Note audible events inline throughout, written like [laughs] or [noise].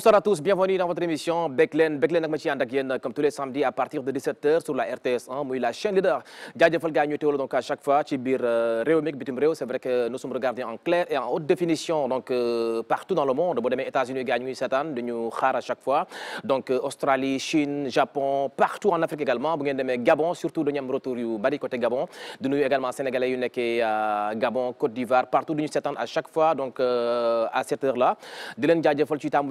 Bonsoir à tous, bienvenue dans votre émission Beklen Beklen ak ma comme tous les samedis à partir de 17h sur la RTS1 muy la chaîne leader jaajëfal gaa ñu donc à chaque fois ci euh, réomik c'est vrai que nous sommes regardés en clair et en haute définition donc euh, partout dans le monde Les demee États-Unis gagnent cette année de nous à chaque fois donc euh, Australie Chine Japon partout en Afrique également Nous ngeen demee Gabon surtout de am retour bari côté Gabon de nous également sénégalais yu Gabon Côte d'Ivoire partout nous ñu année à chaque fois donc à cette heure là di leen jaajëfal ci taamu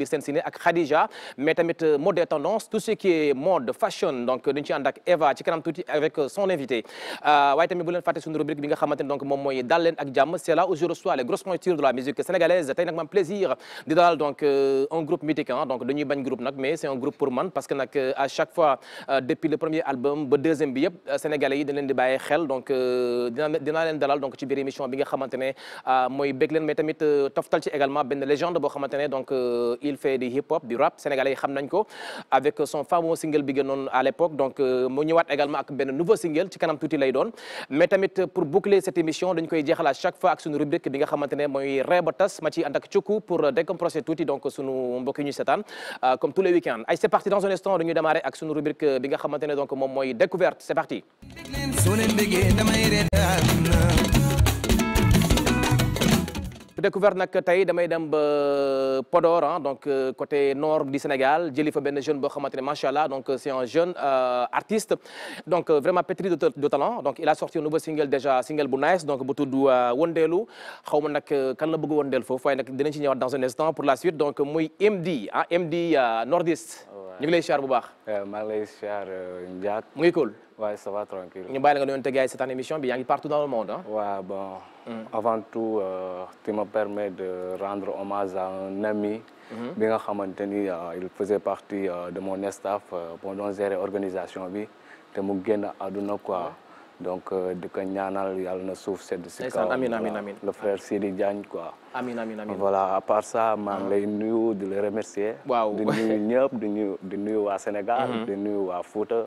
biir sen sine ak Khadija mais tamit euh, mode des tendances tout ce qui est mode fashion donc dañu ci ak Eva ci kanam touti avec euh, son invité euh, waaye tamit bu len faté suñu rubrique bi nga xamante donc mom moy dalen ak jàmm c'est là où je reçois les grosses pointures de la musique sénégalaise tey nag man plaisir di dal donc un groupe mythique hein, donc dañuy bagn groupe nak mais c'est un groupe pour man parce que nak à chaque fois depuis le premier album ba deuxième bi yëpp sénégalais yi dañ len di bàyyi xel donc dina dinaa leen dalal donc ci biir émission bi nga xamante moy beglen mais tamit toftal ci également ben légende bo xamante donc il fait du hip hop du rap sénégalais yi xam ko avec son fameux single bi gënon à l'époque donc euh, mu ñëwaat également ak un nouveau single ci kanam tuuti lay doon mais tamit pour boucler cette émission dañ koy dire à chaque fois ak suñu rubrique bi nga xamante moy rebattas, tas ma ci andak ak cukku pour euh, décompresser tuuti donc suñu mbokki ñu seetaan euh, comme tous les week-ends ay c'est parti dans un instant dañuy démarrer ak suñu rubrique bi nga xamante donc mon moy découverte c'est parti su découverte nag tey damay dem ba Podor hein, donc euh, côté nord du Sénégal jëli Ben jeune boo xamante ne donc euh, c'est un jeune euh, artiste donc vraiment pétri de talent donc il a sorti un nouveau single déjà single bu nice donc bu tudd wondeelu xaw ma nag kan la bëgg wondeel foofu waaye dinañ ci dans un instant pour la suite donc muy MD ah MD nordiste. ñu ngi lay siyaar bu baax. maa lay Ndiak. mu ngi oui, ça va tranquille. Nous avons eu cette émission, il y a partout dans le monde. Oui, hein? Ouais, bon. Hmm. Avant tout, euh, tu me permets de rendre hommage à un ami. Bien mm. Euh, il faisait partie euh, de mon staff euh, pendant cette organisation. Il a quoi. Donc, de Kanyanal, il y a le souf, c'est de Sikao. Amin, amin, Le frère Sidy Diagne, quoi. Amin, amin, amin. Voilà, à part ça, je les de le remercier. Wow. De nous, de nous, de nous à Sénégal, de nous à Fouta.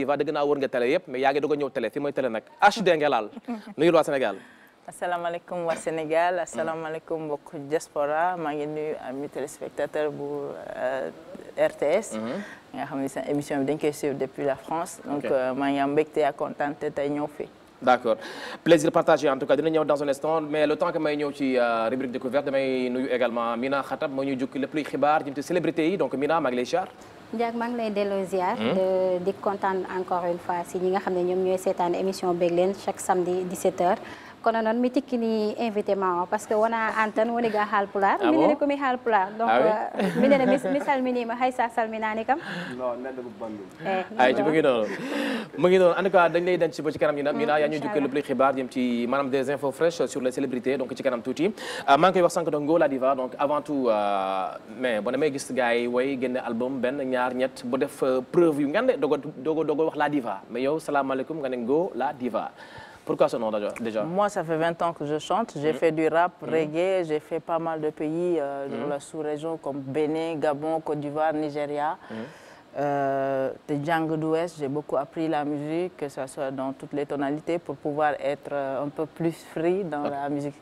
Diva dëgg naa wër nga télé yëpp mais yaa ngi ñew télé fi moy télé nak HD nga laal [laughs] nuyul waa Sénégal asalaamaaleykum wa Sénégal asalaamaaleykum bokk diaspora ma ngi nuyu ami téléspectateur bu euh, RTS mhm. nga xam sa émission bi dañ koy suivre depuis la France donc euh, ma ngi am mbégte ak kontaan te tey fi d'accord plaisir partagé en tout cas dina ñew dans un instant mais le temps que may ñew ci euh, rubrique découverte may nuyu également Mina Khatab mo ñu jukki lépp luy xibar jëm ci célébrité yi donc Mina maa je suis ngi hmm? de de ziar. encore une fois si ñi nga xam ne ñoom ñooy chaque samedi 17h. kono noon mi tikkini invité ma o par que wona an tan woni ga haalpular ah minene komi haalpular ah donc euh, minene mi salminima haysa salminani kam neɗɗo ko bandum eyyi eh, ah, mu ngi noonu mu ngi noonu en tout cas dañ lay denc ba ci kanam yi na ñu mm, naa yaa ñuy jukkee lépp luy xibaar jëm ci maanaam des infos sur les célébrités donc ci kanam tuuti maa ngi koy wax sànq donc Ngo La Diva donc avant tout euh, mais boo demee gis gars yi album benn ñaar ñett bu def euh, preuve yu ngande dogo dogo dogo wax La Diva mais yow salaamaaleykum nga ne Ngo La Diva Pourquoi ce nom déjà Moi, ça fait 20 ans que je chante. J'ai mm. fait du rap, mm. reggae, j'ai fait pas mal de pays euh, dans mm. la sous-région comme Bénin, Gabon, Côte d'Ivoire, Nigeria. Euh, Des Django d'Ouest, j'ai beaucoup appris la musique, que ce soit dans toutes les tonalités, pour pouvoir être euh, un peu plus free dans la musique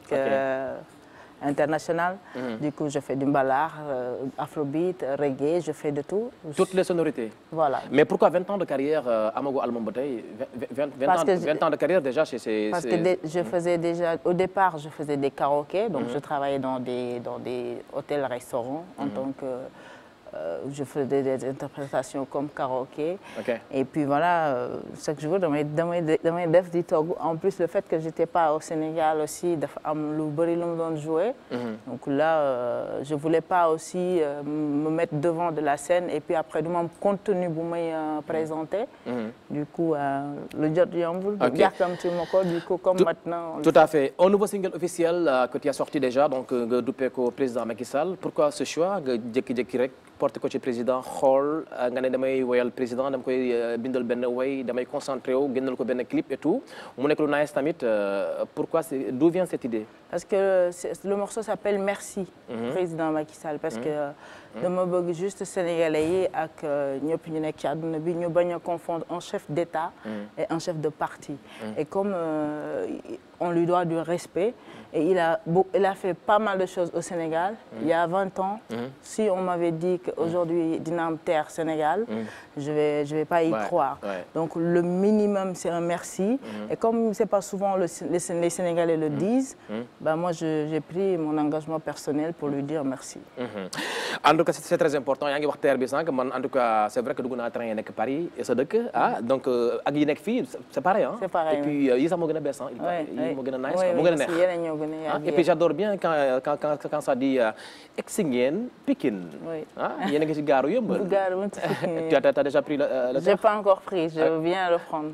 international. Mhm. Du coup, je fais du ballard, euh, afrobeat, euh, reggae, je fais de tout. Toutes les sonorités Voilà. Mais pourquoi 20 ans de carrière à Mogo 20, 20, ans, de carrière déjà chez ces... Parce que je mhm. faisais déjà... Au départ, je faisais des karaokés, donc mhm. je travaillais dans des, dans des hôtels-restaurants en tant que... Euh, je faisais des interprétations comme karaoké. Et puis voilà, euh, ce que je mes, dans mes, dans mes en plus le fait que je n'étais pas au Sénégal aussi, de jouer. Mhm. Donc là, euh, je ne voulais pas aussi me mettre devant de la scène et puis après, du même contenu vous me présenter. Mhm. Du coup, le job du Yamboul, comme tu du coup, comme maintenant. tout à fait. Au nouveau single officiel que tu as sorti déjà, donc, Dupeko, président Macky Pourquoi ce choix, Djeki porté ko ci président hall, euh, nga ne damay woyal président dam koy euh, bindal ben way damay concentré wu génnal ko ben clip et tout mu nekk lu nice tamit euh, pourquoi d'où vient cette idée parce que le morceau s'appelle Merci, mhm. président Macky Sall. Parce mhm. que euh, mon mhm. bëgg juste sénégalais et que nous ñu nekk confondre un chef d'État et un chef de parti. Et comme euh, on lui doit du respect, et il a, il a fait pas mal de choses au Sénégal. Il y a 20 ans, si on m'avait dit qu'aujourd'hui Dinam Terre Sénégal, je vais, je vais pas y croire. Donc le minimum, c'est un merci. Et comme n'est pas souvent les Sénégalais le disent, ben moi, j'ai pris mon engagement personnel pour lui dire merci. -hmm. En tout cas, c'est très important. y a terre En tout cas, c'est vrai que nous avons train à Paris et c'est donc ah donc avec une fille, c'est pareil hein. C'est pareil. Et puis ils sont très bien, ils sont moins nice, ah, Et puis j'adore bien euh, quand, quand quand ça dit euh, Exingen Pekin. Oui. il y en qui Tu as, déjà pris le, euh, le n'ai pas encore pris, je ah. viens le prendre.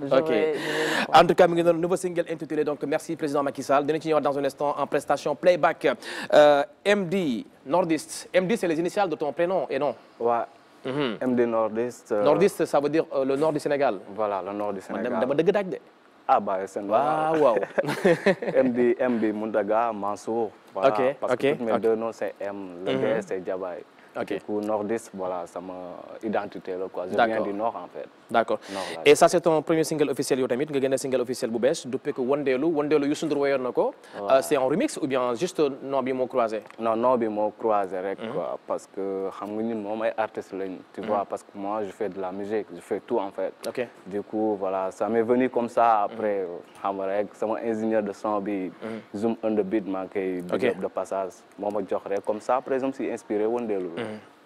En tout cas, nous nouveau single intitulé donc Merci président Macky Sall. Donnez-nous dans un instant en prestation playback. Euh, MD, Nordiste. MD, c'est les initiales de ton prénom et nom. Ouais. MD mhm. Nordiste. Euh, Nordiste, ça veut dire euh, le nord du Sénégal. Voilà, le nord du Sénégal. Ah bah, c'est Waouh, MD, MD Mundaga, Mansour. Voilà, parce que mes deux noms, c'est M. Le mm c'est Jabai. Du coup, Nordiste, voilà, ça ma identité. Là, quoi. Je viens du nord, en fait. D'accord. et ça c'est ton premier single officiel Tu tamit nga un single officiel depuis que que Day Wondeelu One Youssou Ndour woyoon euh, c'est en remix ou bien juste nom bi croisé. non nom bi croisé mhm. parce que je suis un artiste, tu mhm. vois parce que moi je fais de la musique je fais tout en fait. ok du coup voilà ça m'est venu comme ça après Je suis c'est mon ingénieur de son bi. Mhm. Zoom on the beat maa deux de passage Moi suis jox rek comme ça après je suis inspiré Wondeelu.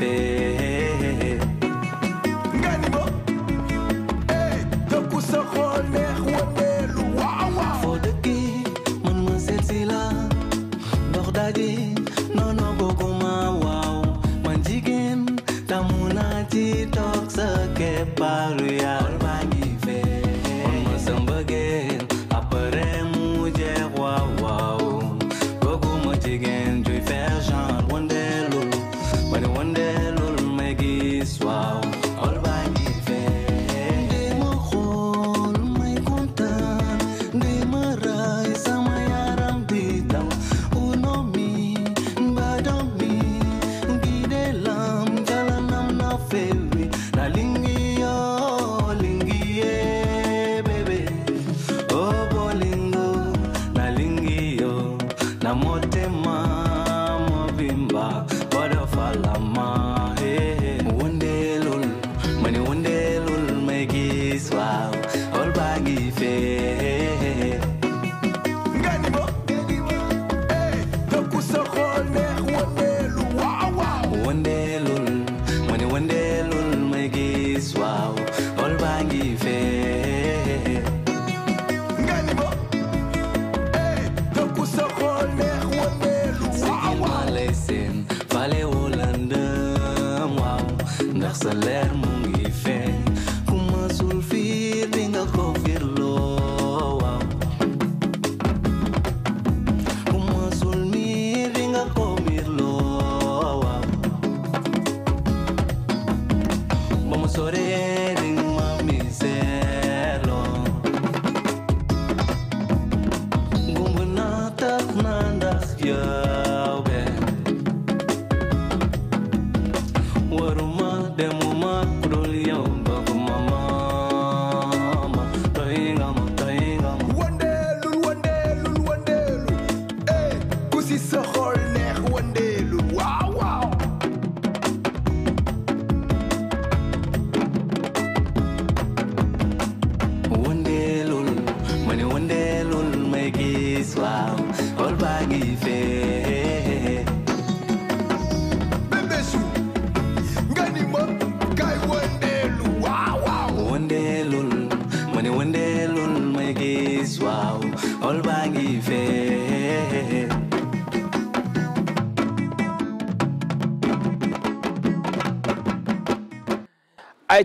fit.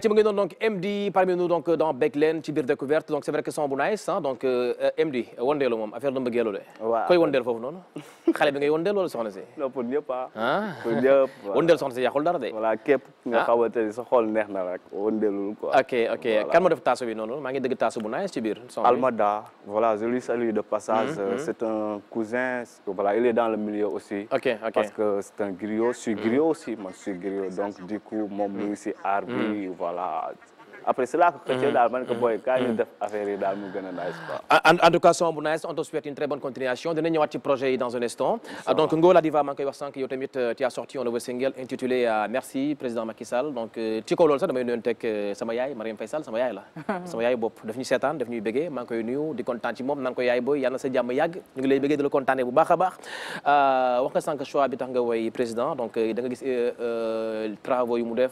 Terima kasih banyak untuk MD parmi nous donc dans Begleen Tibir biir découverte donc c'est vrai que c'est un nice hein. donc euh, MD wondeelu mom affaire de. [laughs] waaw koy wondeel foofu noonu. xale bi ngay wondeel wala soxna si. [laughs] non pour ñëpp ah. ah. pour ñëpp [laughs] wondeel soxna si yàqul dara de. voilà kep nga ah. xamante sa xol neex na rek wondeelul quoi. ok ok kan moo def taasu bi non maa ngi deug taasu bu nice ci bir Almada voilà je lui salue de passage. Mm-hmm, mm-hmm. c'est un cousin voilà il est dans le milieu aussi. ok ok parce que c'est un griot je suis griot mm-hmm. aussi moi je suis griot donc du coup mon mu Arbi, voilà après cela là que xëccee mm. daal man ko mm. boy kaa ñu mm. def affaire yi daal mu gëna nice quoi ah, en tout cas son bu nice on te souhaite une très bonne continuation dina ñëwaat ci projet yi dans un instant donc Ngor Diva man ngi koy wax sank yow tamit euh, tu as sorti un nouveau single intitulé euh, merci président Macky Sall donc euh, ci ko loolu sax damay nuyoon tek sama yaay Mariam Faye sama yaay la [laughs] sama yaay bopp daf ñuy seetaan daf ñuy bégee maa koy nuyu di kontaan ci mom nan ko yaay boy yalla sa jamm yag ñu ngi lay bégee di la kontaanee bu baaxa baax euh wax nga sank choix bi tax nga woy président donc da nga gis euh travaux yu mu def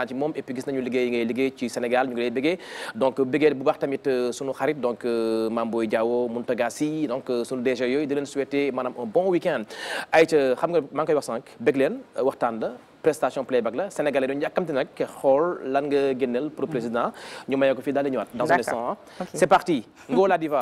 kontaan ci moom et puis gis nañu liggéey ngay liggéey ci Sénégal ñu ngi lay bëggee donc bëggee bu baax tamit euh, suñu xarit donc euh, Mame Boye Diao Mountaga donc euh, suñu DG yoy di leen souhaiter manam un bon weekend. end ayca xam nga maa ngi koy wax sank bëgg leen waxtaan la prestation playback la sénégalais dañu yàkkamti nak xol lan nga gënël pour président ñu mayee ko fii daal di ñëwaat dans un instant hein. c'est parti Ngo la diva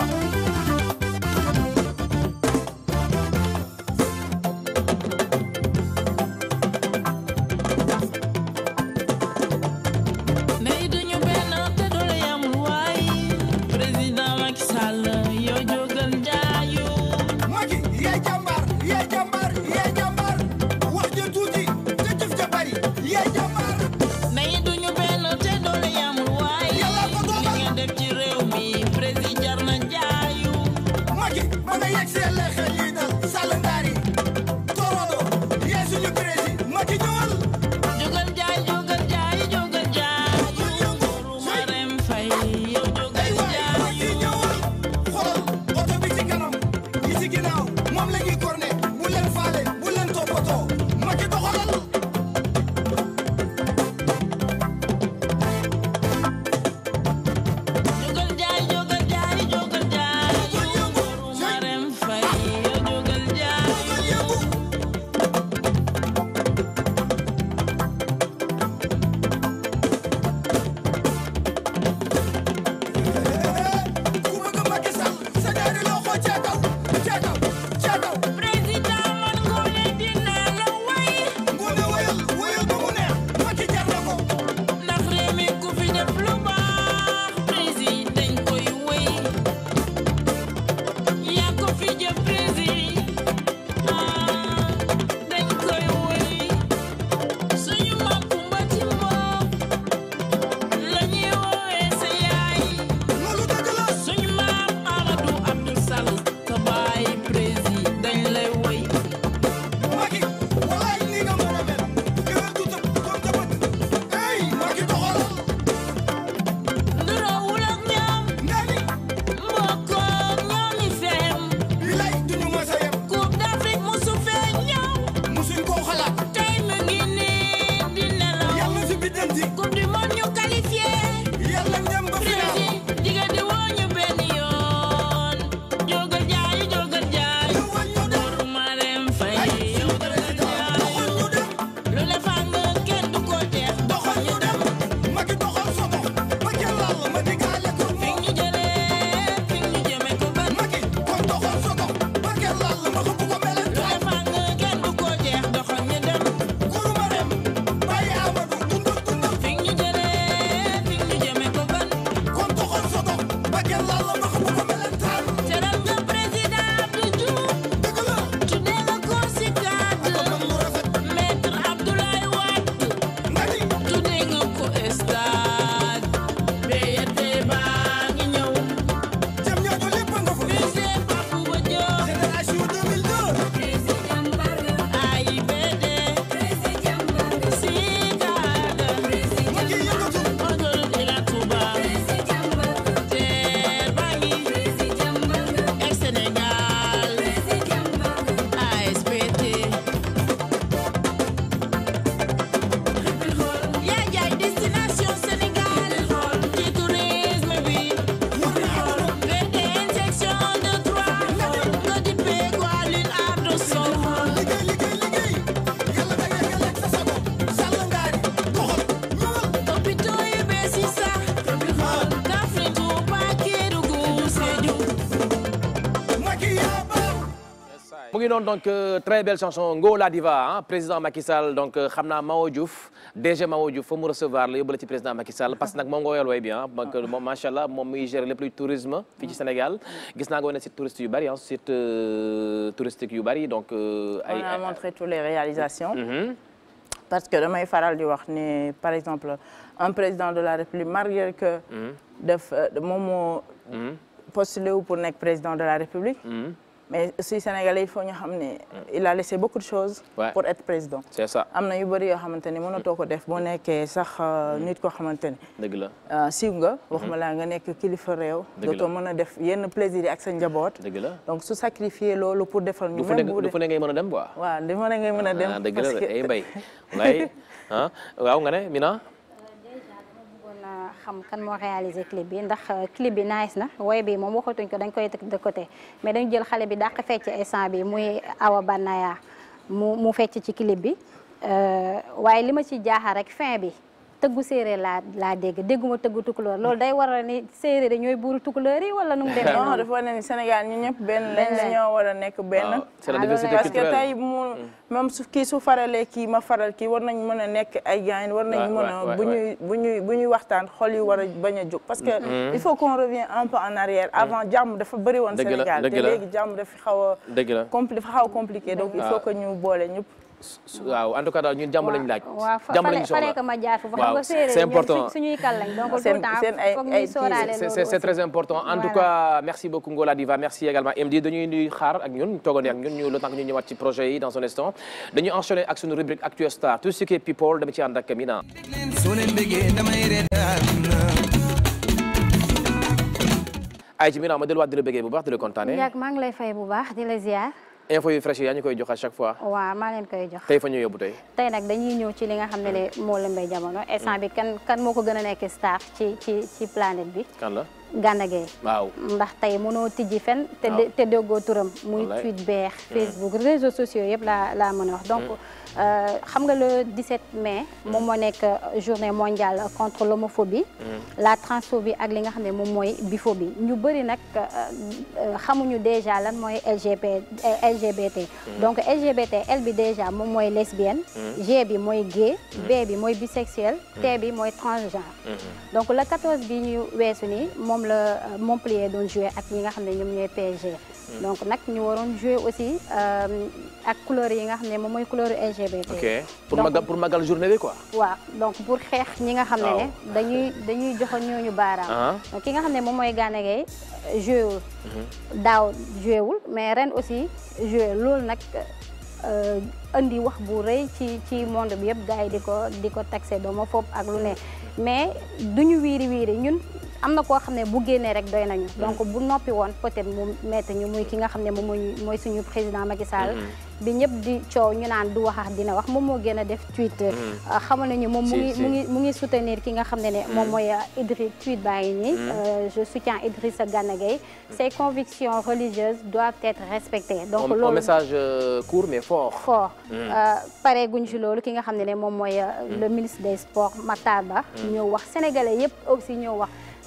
donc euh, très belle chanson Ngo La Diva hein, président Macky Sall donc euh, xam naa Mawo Diouf DG Mawo Diouf fa recevoir le yóbbu ci président Macky Sall parce que mon moom est woyal way hein, donc euh, moom mon allah moom muy tourisme fii ci Sénégal gis naa nga woon site touristique yu bari ah site euh, touristique yu bari donc. ay on a montré toutes les réalisations. Mm-hmm. parce que damay faral di wax ni par exemple un président de la République malgré que. Mm-hmm. def moom moo. Mm-hmm. postulé pour être président de la République mais aussi sénégalais il faut ñu xam il a laissé beaucoup de choses. pour être président. c'est ça Amna na yu bëri yoo xamante ne mënatoo ko def boo nekkee sax euh, mm. nit ko xamante Deug la. Euh siw nga. Mm-hmm. wax ma la nga nekk kilifa rew do to dootoo def yenn plaisir ak sa njabot. Deug la donc se sacrifier loolu pour defal. ñu même bu dee fu ne ngay mën dem quoi. waaw du fu ngay mën dem. Ah, parce que dëgg la ay mbay. waaw nga ne Mina. xam kan mo réaliser clip bi ndax clip bi nice na way bi mom waxatuñ ko dañ koy tek de côté mais dañu jël xale bi dakk fecc instant bi muy Awa Banaya mu fecc ci clip bi euh li lima ci jaaxa rek fin bi tëggu séeréer laa laa dégg dégguma tëggu tukulóor loolu day waral ni séeréer yi ñooy buuru tukulóor yi wala nu mu demee [laughs] non dafa war ne Sénégal ñu ñëpp benn lañ ñoo a nekk benn parce que tey mu mm. même su kii su faralee kii ma faral kii war nañ mën a nekk ay gaañ war nañ mën a bu ñuy bu ñuy bu ñuy waxtaan xol yi war a bañ a jóg parce que mm. Mm. il faut qu'on revienne un peu en arrière avant jàmm dafa bari woon Sénégal te léegi jàmm dafa xaw a dafa xaw a compliqué donc il faut que ñu boole ñëpp waaw en tout cas c'est très important en tout cas merci beaucoup Ngola Diva merci également MD dañuy nuy xaar ak ñun ñu ñu ci projet dans un dañuy ak rubrique Actu Star tout ce qui people dama ci ànd ak peu ay ci Mina ma delluwaat di bu baax di la je maa ngi lay fay bu baax di la ziar. info yu fresh yañ koy jox à chaque fois wa ma len koy jox tay fa ñu yobu tay tay nak dañuy ñew ci li nga xamné né mo la mbay jamono essan bi kan kan moko gëna nekk staff ci ci ci planète bi kan la ganagay waaw ndax tay mëno tijji fen te te dogo turam muy tweet beex facebook réseaux sociaux yépp la la mëna wax donc mm. Euh, xam nga le 17 mai. mom mo nek euh, journée mondiale contre l'homophobie mm. la transphobie ak li nga xamné mom moy mooy biphobie ñu bari nak euh, xamuñu déjà lan moy LGB LGBT. Mm. donc LGBT L bi déjà mom moy lesbienne. Mm. G bi moy gay. B bi moy bisexuel. T bi moy transgenre. Mm-hmm. donc le 14 bi ñu weesu ni moom la Montpellier doon jouer ak li nga xamné ñom ñoy PSG. Mm. donc nag ñu waroon jouer aussi euh, ak couleur yi nga xam ne moom mooy couleur LGBT. ok pour magal pour magal journée bi quoi. waaw donc pour xeex ñi nga xam ne dañuy dañuy joxoon ñooñu baaraam. Ah. donc ki nga xam ne moom mooy Gana Gueye euh, joué wul. Mm-hmm. daaw joué wul mais ren aussi joué loolu nag. Euh, indi wax bu rëy ci ci monde bi yëpp gars yi di ko di ko taxé doomu foofu ak lu ne mm-hmm. mais duñu wiiri wiiri ñun amna ko xamné bu génné rek doy nañu donc bu nopi won peut-être mu metti ñu muy ki nga xamné mom moy mooy suñu président Macky Sall mm-hmm. bi ñëpp di ciow ñu naan du wax dina wax mom mo génné def tweet mm-hmm. euh, xamal nañu mom mu ngi mu ngi soutenir ki nga xamné né mom moy mm-hmm. euh, Idriss tweet baa ngi euh, je soutiens Idriss Gana Gueye ses convictions religieuses doivent être respectées donc loolu message court mais fort fort mm. pare guñ ci lolu ki nga xamné né mom moy mm. le ministre des sports Matar Ba mm. ñëw wax sénégalais yëpp aussi ñëw wax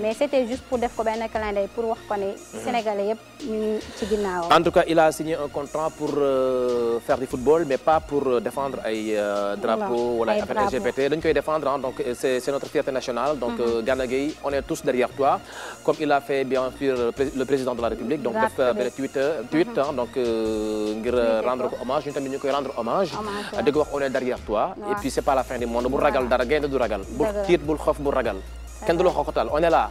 mais c'était juste pour def ko clin calendrier pour wax ko ni mhm. Sénégalais yépp ñu ci ginnaw en tout cas il a signé un contrat pour euh, faire du football mais pas pour euh, défendre ay euh, drapeaux. wala GPT. LGBT dañ koy défendre hein, donc euh, c'est notre fierté nationale. donc mm -hmm. Gana Gueye on est tous derrière toi comme il a fait bien sûr le président de la République. donc def fait tweet tweet mhm. hein, donc ngir rendre hommage ñu tamit ñu koy rendre hommage. hommage wax on est derrière toi. et puis c'est pas la fin du monde bu ragal dara gaynde du ragal. bu tiit bu xof bu ragal. كان دول حقوق قتال on est là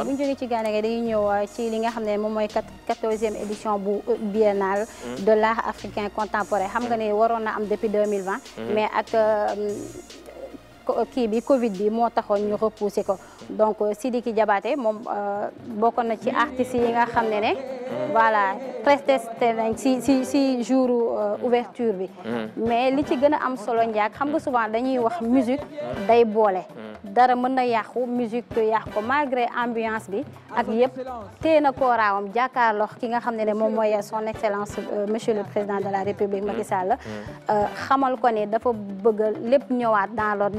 On bu ñu jógee ci Gana Gueye dañuy ñëw euh, ci li nga xamné mom moy 14e édition bu euh, biennale mm. de l'art africain contemporain xam nga mm. né waroon na am depuis 2020 mm. mais ak euh, kii bi Covid bi mo taxone ñu repousser ko donc euh, Sidiki Diabaté mom euh, bokon na ci artistes yi nga xamné ne ne. voilà presté nañ si si si jour euh, ouverture bi. Mm. mais li ci gëna am solo njaag xam nga souvent dañuy wax musique day bolé mm. dara mën na yàqu musique yàq ko malgré ambiance bi ak yépp téye na kooraawam jàkkaarloo ki nga xamné ne mom moy son excellence monsieur le président de la république Macky mm. Sall xamal ko né dafa bëgg lepp ñëwaat dans l'ordre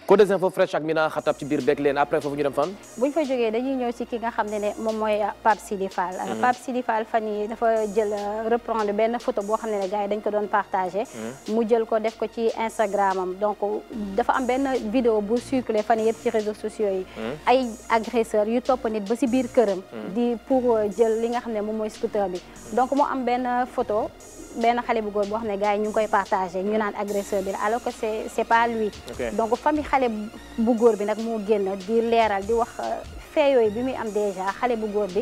Côté des infos fraîche ak Mina Xatab ci biir beeg leen après foofu ñu dem fan. bu ñu fa jógee dañuy ñëw ci ki nga xam ne ne moom Pape Sidi mm-hmm. Pape Sidi Fall fan yi dafa jël euh, reprendre benn photo boo xam ne gars yi dañ ko doon partagé. Mm-hmm. mu jël ko def ko ci Instagram am donc dafa am benn vidéo bu circulé fan yëpp ci réseaux sociaux yi. Mm-hmm. ay agresseur yu topp nit ba ci biir këram. di pour euh, jël li nga xam ne moom mooy scooter bi donc mu am benn photo ben xalé bu goor bo xamné gaay ñu ngi koy partagé ñu nane agresseur bi alors que c'est c'est pas lui donc fami xalé bu goor bi nak mo génn di léral di wax euh, fee yooyu bi mi am déjà xalé bu goor bi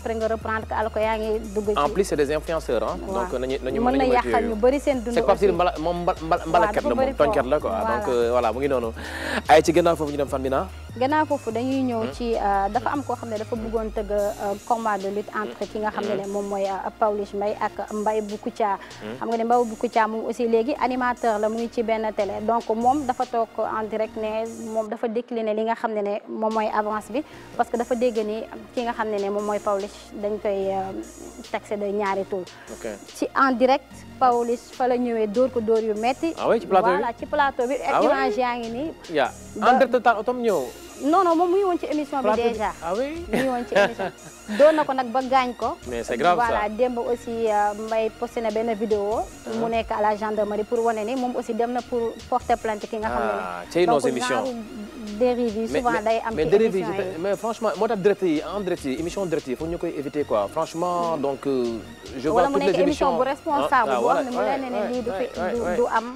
après nga reprendre que alors ngi dugg en plus c'est des influenceurs donc nañu nañu mën na yàqal ñu bëri seen dund c'est pas facile mbala moom mbalakat la la quoi donc euh, voilà mu ngi noonu ay ci gannaaw foofu ñu dem fan bi naa gannaaw foofu dañuy ñëw hmm? ci euh, dafa am koo xam ne dafa buggoon tëgg euh, combat de lutte entre ki nga xam ne hmm? ne moom mooy euh, Pawlish mbay ak Mbaye bu Kouthia hmm? xam nga ne Mbaye bu Kouthia moom aussi léegi animateur la mu ngi ci benn télé donc moom dafa toog en direct ne moom dafa décliné li nga xam ne ne moom mooy avance bi parce que dafa dégg ni ki nga xam ne ne moom mooy Pawlish dañ koy taxé de ñaari tour ci en direct Pawlish fa la ñëwee dóor ko dóor yu metti ah oui ci plateau bi voilà ci plateau bi. ah oui échange yaa ngi nii. yaa en direct taal otom ñëw. non non moom muy woon ci émission bi déjà ah oui muy woon ci émission doon na ko nag ba gaañ ko mais c'est grave voilà démb aussi euh, Mbaye posté na benn vidéo mu ah. nekk à la gendarmerie pour wane ni moom aussi dem na pour porter plainte ki nga xam ne ne ah, ci nos émissions dérive souvent day am ci émission mais franchement moo tax direct yi en direct yi émission direct yi foog ñu éviter quoi franchement donc euh, je vois toutes les émissions wala mu nekk responsable ah, boo ne mu leen ne lii du am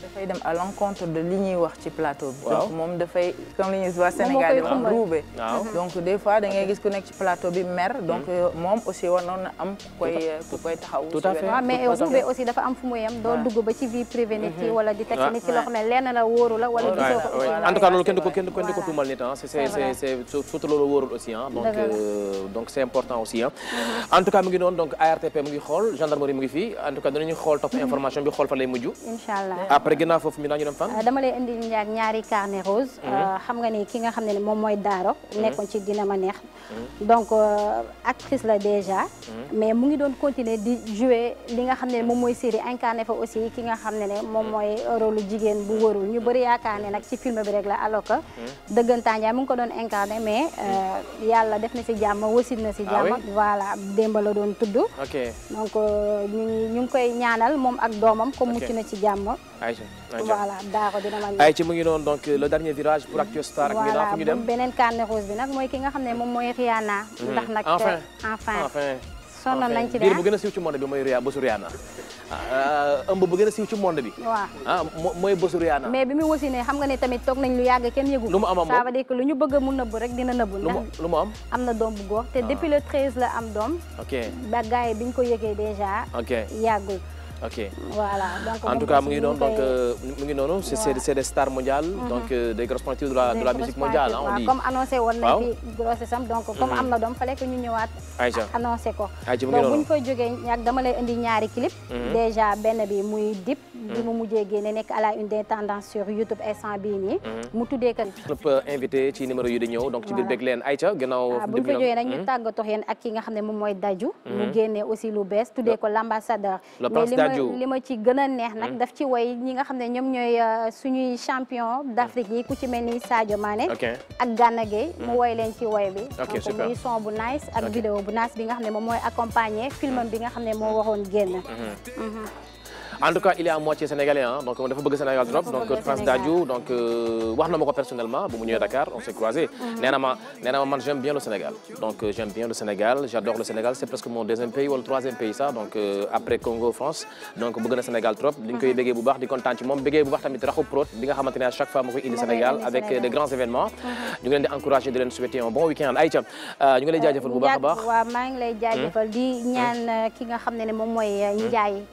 dafay dem à l'encontre de li ñuy wax ci plateau bi donc moom dafay comme li ñuy wax Sénégal yi moom donc des fois da ngay gis ku nekk ci plateau bi mer hmm. donc euh, mom aussi wonone am koy koy taxaw ah, tout à fait mais ruube aussi dafa am fu mu yem doo dugg ba ci vie privée nit yi hmm. wala di teg ah. nit ci loo xam ne lenn la wóoru la wala gisoo en tout cas loolu kenn du ko kenn du ko tuumal nit ah c'est c'est c'est surtout loolu wóorul aussi hein donc euh, donc c'est important aussi hein mm-hmm. en tout cas mu ngi noonu donc ARTP mu ngi xool gendarmerie mu ngi fii en tout cas dañu xol top mm-hmm. information bi xol fa lay muju inshallah après ginnaaw foofu mi ñu dem fan. Ah, dama lay indi ñaar ñaari carnet rose. Mm-hmm. Ah, xam nga ni ki nga xam ne ne moom mooy Daaro. Mm-hmm. nekkoon ci dina ma neex. Mm-hmm. donc euh, actrice la déjà. mais mu ngi doon continuer di jouer li nga xam ne moom mooy série incarné fa aussi ki nga xam ne ne moom mooy rôle jigéen bu wërul ñu bëri yaakaar ne nag ci film bi rek la alors que. dëggantaan yaay mu ngi ko doon incarné mais euh, yàlla def na si jàmm wasit na si ah jàmm. voilà démb la doon tudd. donc euh, ñu ngi ñu ngi koy ñaanal moom ak doomam comme mucc na ci jàmm. Aïcha voilà Daro dina ma ñëw Aïcha mu ngi noonu donc euh, le dernier virage pour Actu Star ak Mina fu ñu dem beneen carnet rouge bi nag mooy ki nga xam ne moom mooy Rihanna hmm. ndax nag enfin euh, enfin nañ ci de ah? ah, bu gën a siiw ci monde bi ah, mooy bësu Rihanna a mais bi mu wasi xam nga ne tamit toog nañ lu yàgg kenn yëgu lu mu am ça veut dire que lu ñu bëgg mu nëbb rek dina nëbb lu mu am am na doom bu te depuis le 13 la am doom ok ba ko yëgee déjà ok Ok. Voilà. Donc, en tout cas, nous sommes donc, nous sommes c'est c'est des stars mondiales, mm -hmm. donc euh, des grosses pointures de la, de la musique mondiale, hein, on dit. Comme annoncé, on est grosse somme, donc comme Amna Dom, fallait que nous nous voit annoncer quoi. Aïe, donc, nous ne pouvons jouer ni à demain les derniers clips. Déjà, ben le bim oui deep, nous mhm. nous jouons gagner à la une des tendances sur YouTube et sans bini. Nous tous des que. On peut inviter, tu numéro de nous, donc tu veux bien aïe, genau. Ah, nous pouvons jouer ni à gâteau, ni à qui nous avons des moments d'ajout. Nous gagner aussi l'obès, tous des que l'ambassadeur. li ma ci gën a neex nag daf ci woy ñi nga xam ne ñoom ñooy euh, suñuy champion d'Afrique yi ku ci mel ni Sadio maane ak Gana Gueye mu hmm. woy leen ci woy bi donc muy son bu nice ak vidéo bu nice bi nga xam ne moom mooy accompagner filmam hmm. bi nga xam ne moo waxoon génn hmm. mhm. en tout cas il est à moitié sénégalais hein. donc dafa bëgg Sénégal drop, donc France donc euh, personnellement Dakar on s'est croisés. Mm-hmm. j'aime bien le Sénégal donc euh, j'aime bien le Sénégal j'adore le Sénégal c'est presque mon deuxième pays ou le troisième pays ça donc euh, après Congo France donc bëgg Sénégal trop Sénégal avec des grands événements mm-hmm. encourager un bon week-end Aïcha ñu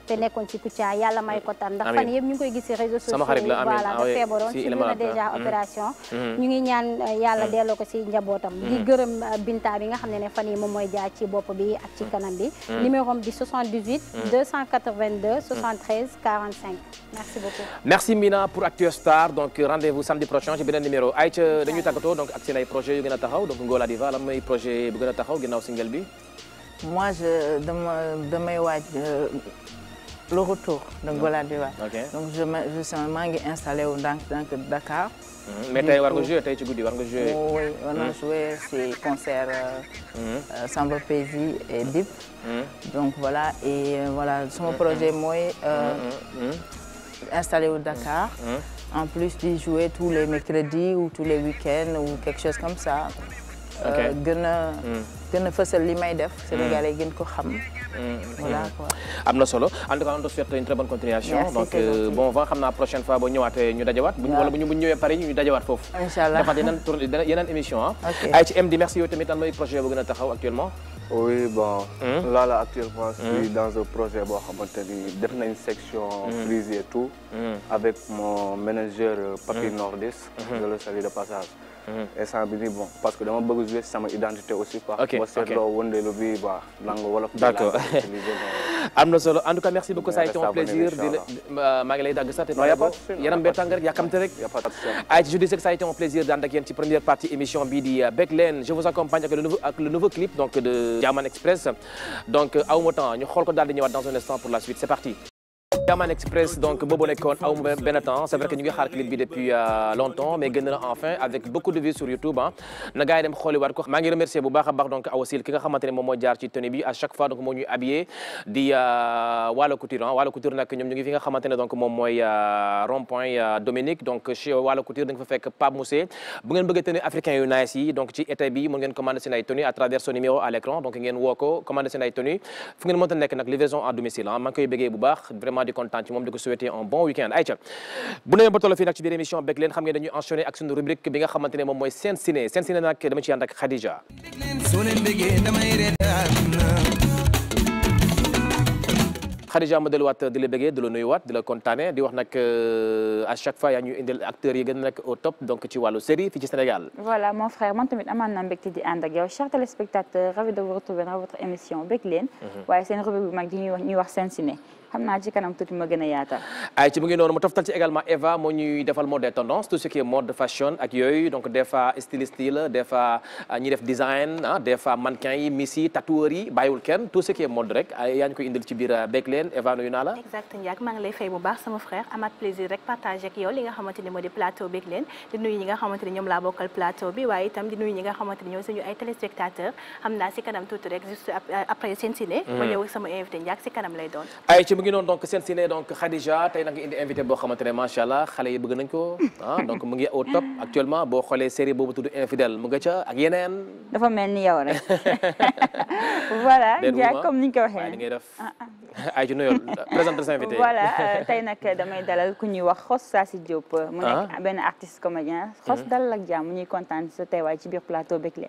lay bu yalla may ko tan ndax fan yeb ñu ngi koy gis ci réseaux sociaux wala ah da feebaroon subi na déjà mm-hmm. opération mm-hmm. ñu ngi ñaan euh, yalla mm-hmm. délo ko ci njabootam di gërëm euh, Binta bi nga xamné né ne fan yi moom moy jaar ci bop bi ak ci kanam bi numéro bi 78 282 73 45 merci beaucoup merci Mina pour Actu Star donc rendez-vous samedi prochain ci beneen numéro Aïcha dañu tàggatoo donc ak seen ay projet yu gëna taxaw donc Ngoola Diva lan mooy projet bu gëna taxaw ginnaw single bi moi je dama damay waaj euh, le retour de Gola donc je je suis un installé au Dakar. mais tu as joué tey ci Oui, war a joué. oui on concerts joué si concert. Samba Peuzzi et Deep. donc voilà et voilà son projet est installé au Dakar. En plus d'y jouer tous les mercredis ou tous les week-ends ou quelque chose comme ça. Euh, gën ne fësal li may def. Sénégalais gën ko xam. voilà mm. quoi am na solo en tout cas on te souhaite une très bonne continuation. donc euh, bon va xam naa prochaine fois boo ñëwaatee ñu dajawaat. waaw wala bu ñu bu ñu ñëwee Paris ñu dajawaat foofu. incha allah defaat yeneen tour yeneen émission ah. ok ay ci MD merci yow tamit lan mooy projet bu gën a taxaw actuellement. oui bon. Hmm? là là actuellement. je suis hmm? dans un projet boo xamante ni def nañ section. Hmm. frise et tout. avec mon manager. Euh, Papy Nordis. de le salue de passage instant bi nii bon parce que dama bëgg jouer ma identité aussi quoi. ok ok boo bi [laughs] en tout cas merci beaucoup ça a été un plaisir di la euh, maa ngi lay y' a pas yaram bee tàng rek rek. y' a pas ay je disais que ça a été un plaisir d' une petite ci première partie émission l'émission. di euh, je vous accompagne avec le nouveau avec le nouveau clip donc de Diamond Express donc à un moment nous allons ko daal dans un instant pour la suite c'est parti. Yaman Express donc boobu nekkoon aw ben benn c'est vrai que nous ngi xaar clip bi depuis euh, longtemps mais gën enfin avec beaucoup de vues sur YouTube ah na gars dem xooli waat ko maa ngi remercier bu baax a baax donc Awa Syll ki nga tenue bi à chaque fois donc nous ñuy habillé di euh, Walo Couture ah Couture nag ñoom ñu ngi fi nga xamante donc moom mooy euh, rond-point Dominique donc chez Walo Couture da nga fa fekk Pape Moussé bu ngeen tenue africain et nice yi donc ci été bi mën ngeen commandé seen tenue à travers son numéro à l'écran donc ngeen woo ko commandé seen tenue fu ngeen mënta une livraison à domicile ah maa ngi bu baax vraiment vraiment di kontaan ci moom di souhaiter un bon week-end ayca bu newee ba tolo fi nak ci biir émission bég leen xam ngeen dañuy enchaîner ak suñu rubrique bi nga xamantene mom moy scène ciné scène ciné nak dama ci ànd ak Khadija Khadija ma wat di la bëggee di la wat di la kontaane di wax nak euh, à chaque fois ya ñu indil acteur yi gën nak au top donc ci walu série fi ci Sénégal. voilà mon frère man tamit amana naa mbégte di ànd ak yow chers téléspectateurs ravi de vous retrouver dans votre émission bég leen. Mhm. waaye seen rubrique bu mag di ñuy wax ñuy wax seen ciné. xam naa ci kanam tuuti ma a yaatal ay ci mu noonu mu toftal ci également Eva moo defal mode des tendances tout ce qui fashion ak yooyu donc des fois styliste ah, ñi def design ah des fois mannequin yi miss yi tatoueur yi bàyyiwul rek ah, yaa ñu koy indil ci biir ah, beeg leen Eva nuyu naa la exact Ndiak maa lay fay bu baax sama frère amaat plaisir rek partage ak yow nga xamante ni moo plateau beeg leen di nuyu ñi nga xam mu ngi noonu donc seen si ne donc Khadija tey nag nga indi invité boo xamante ne macha allah xale yi bëgg nañ ko ah donc mu ngi au top actuellement boo xoolee série boobu tudd infidèle mu nga ca ak yeneen. dafa mel ni yow rek. [laughs] voilà Ndiaye comme ni nga ko waxee. waaye ni ngay def ah, ah. [laughs] ay ci nuyoo présenter sa invité. voilà [laughs] euh, tey nag damay dalal ku ñuy wax Xos Saasi Diop. Ah. mu nekk benn artiste comédien. Xos mhm. dalal ak jàmm ñuy kontaan sa teewaay ci biir plateau Begleen.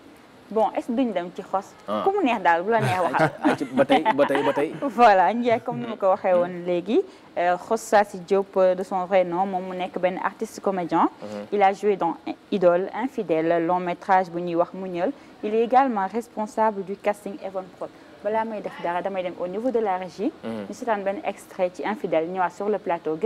bon est ce que dem ci ah. neex voilà comme euh, Diop euh, de son vrai nom mu artiste comédien. Mhm. il a joué dans Idole Infidèle long métrage bu ñuy wax il est également responsable du casting Evan Prod bala may def dara damay au niveau de la régie. Mhm. extrait Infidèle sur le plateau [laughs]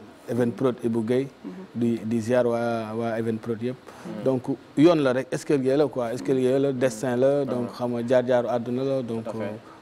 Evenprod Ibou Guèye mhm. di di ziar wa waa Evenprod yep mhm. donc yoon la rek est-ce que la quoi est-ce que le destin là, donc xam nga jaar jaaru àdduna la donc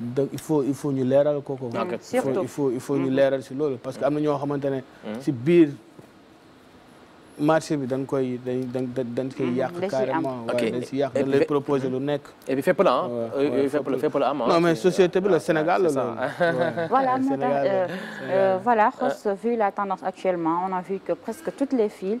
donc il faut il faut ñu à surtout il faut il faut mm-hmm. parce que mm-hmm. marché mm-hmm. carrément les proposer et puis fait la la non mais société le Sénégal [laughs] voilà euh, euh, voilà vu la tendance actuellement on a vu que presque toutes les filles.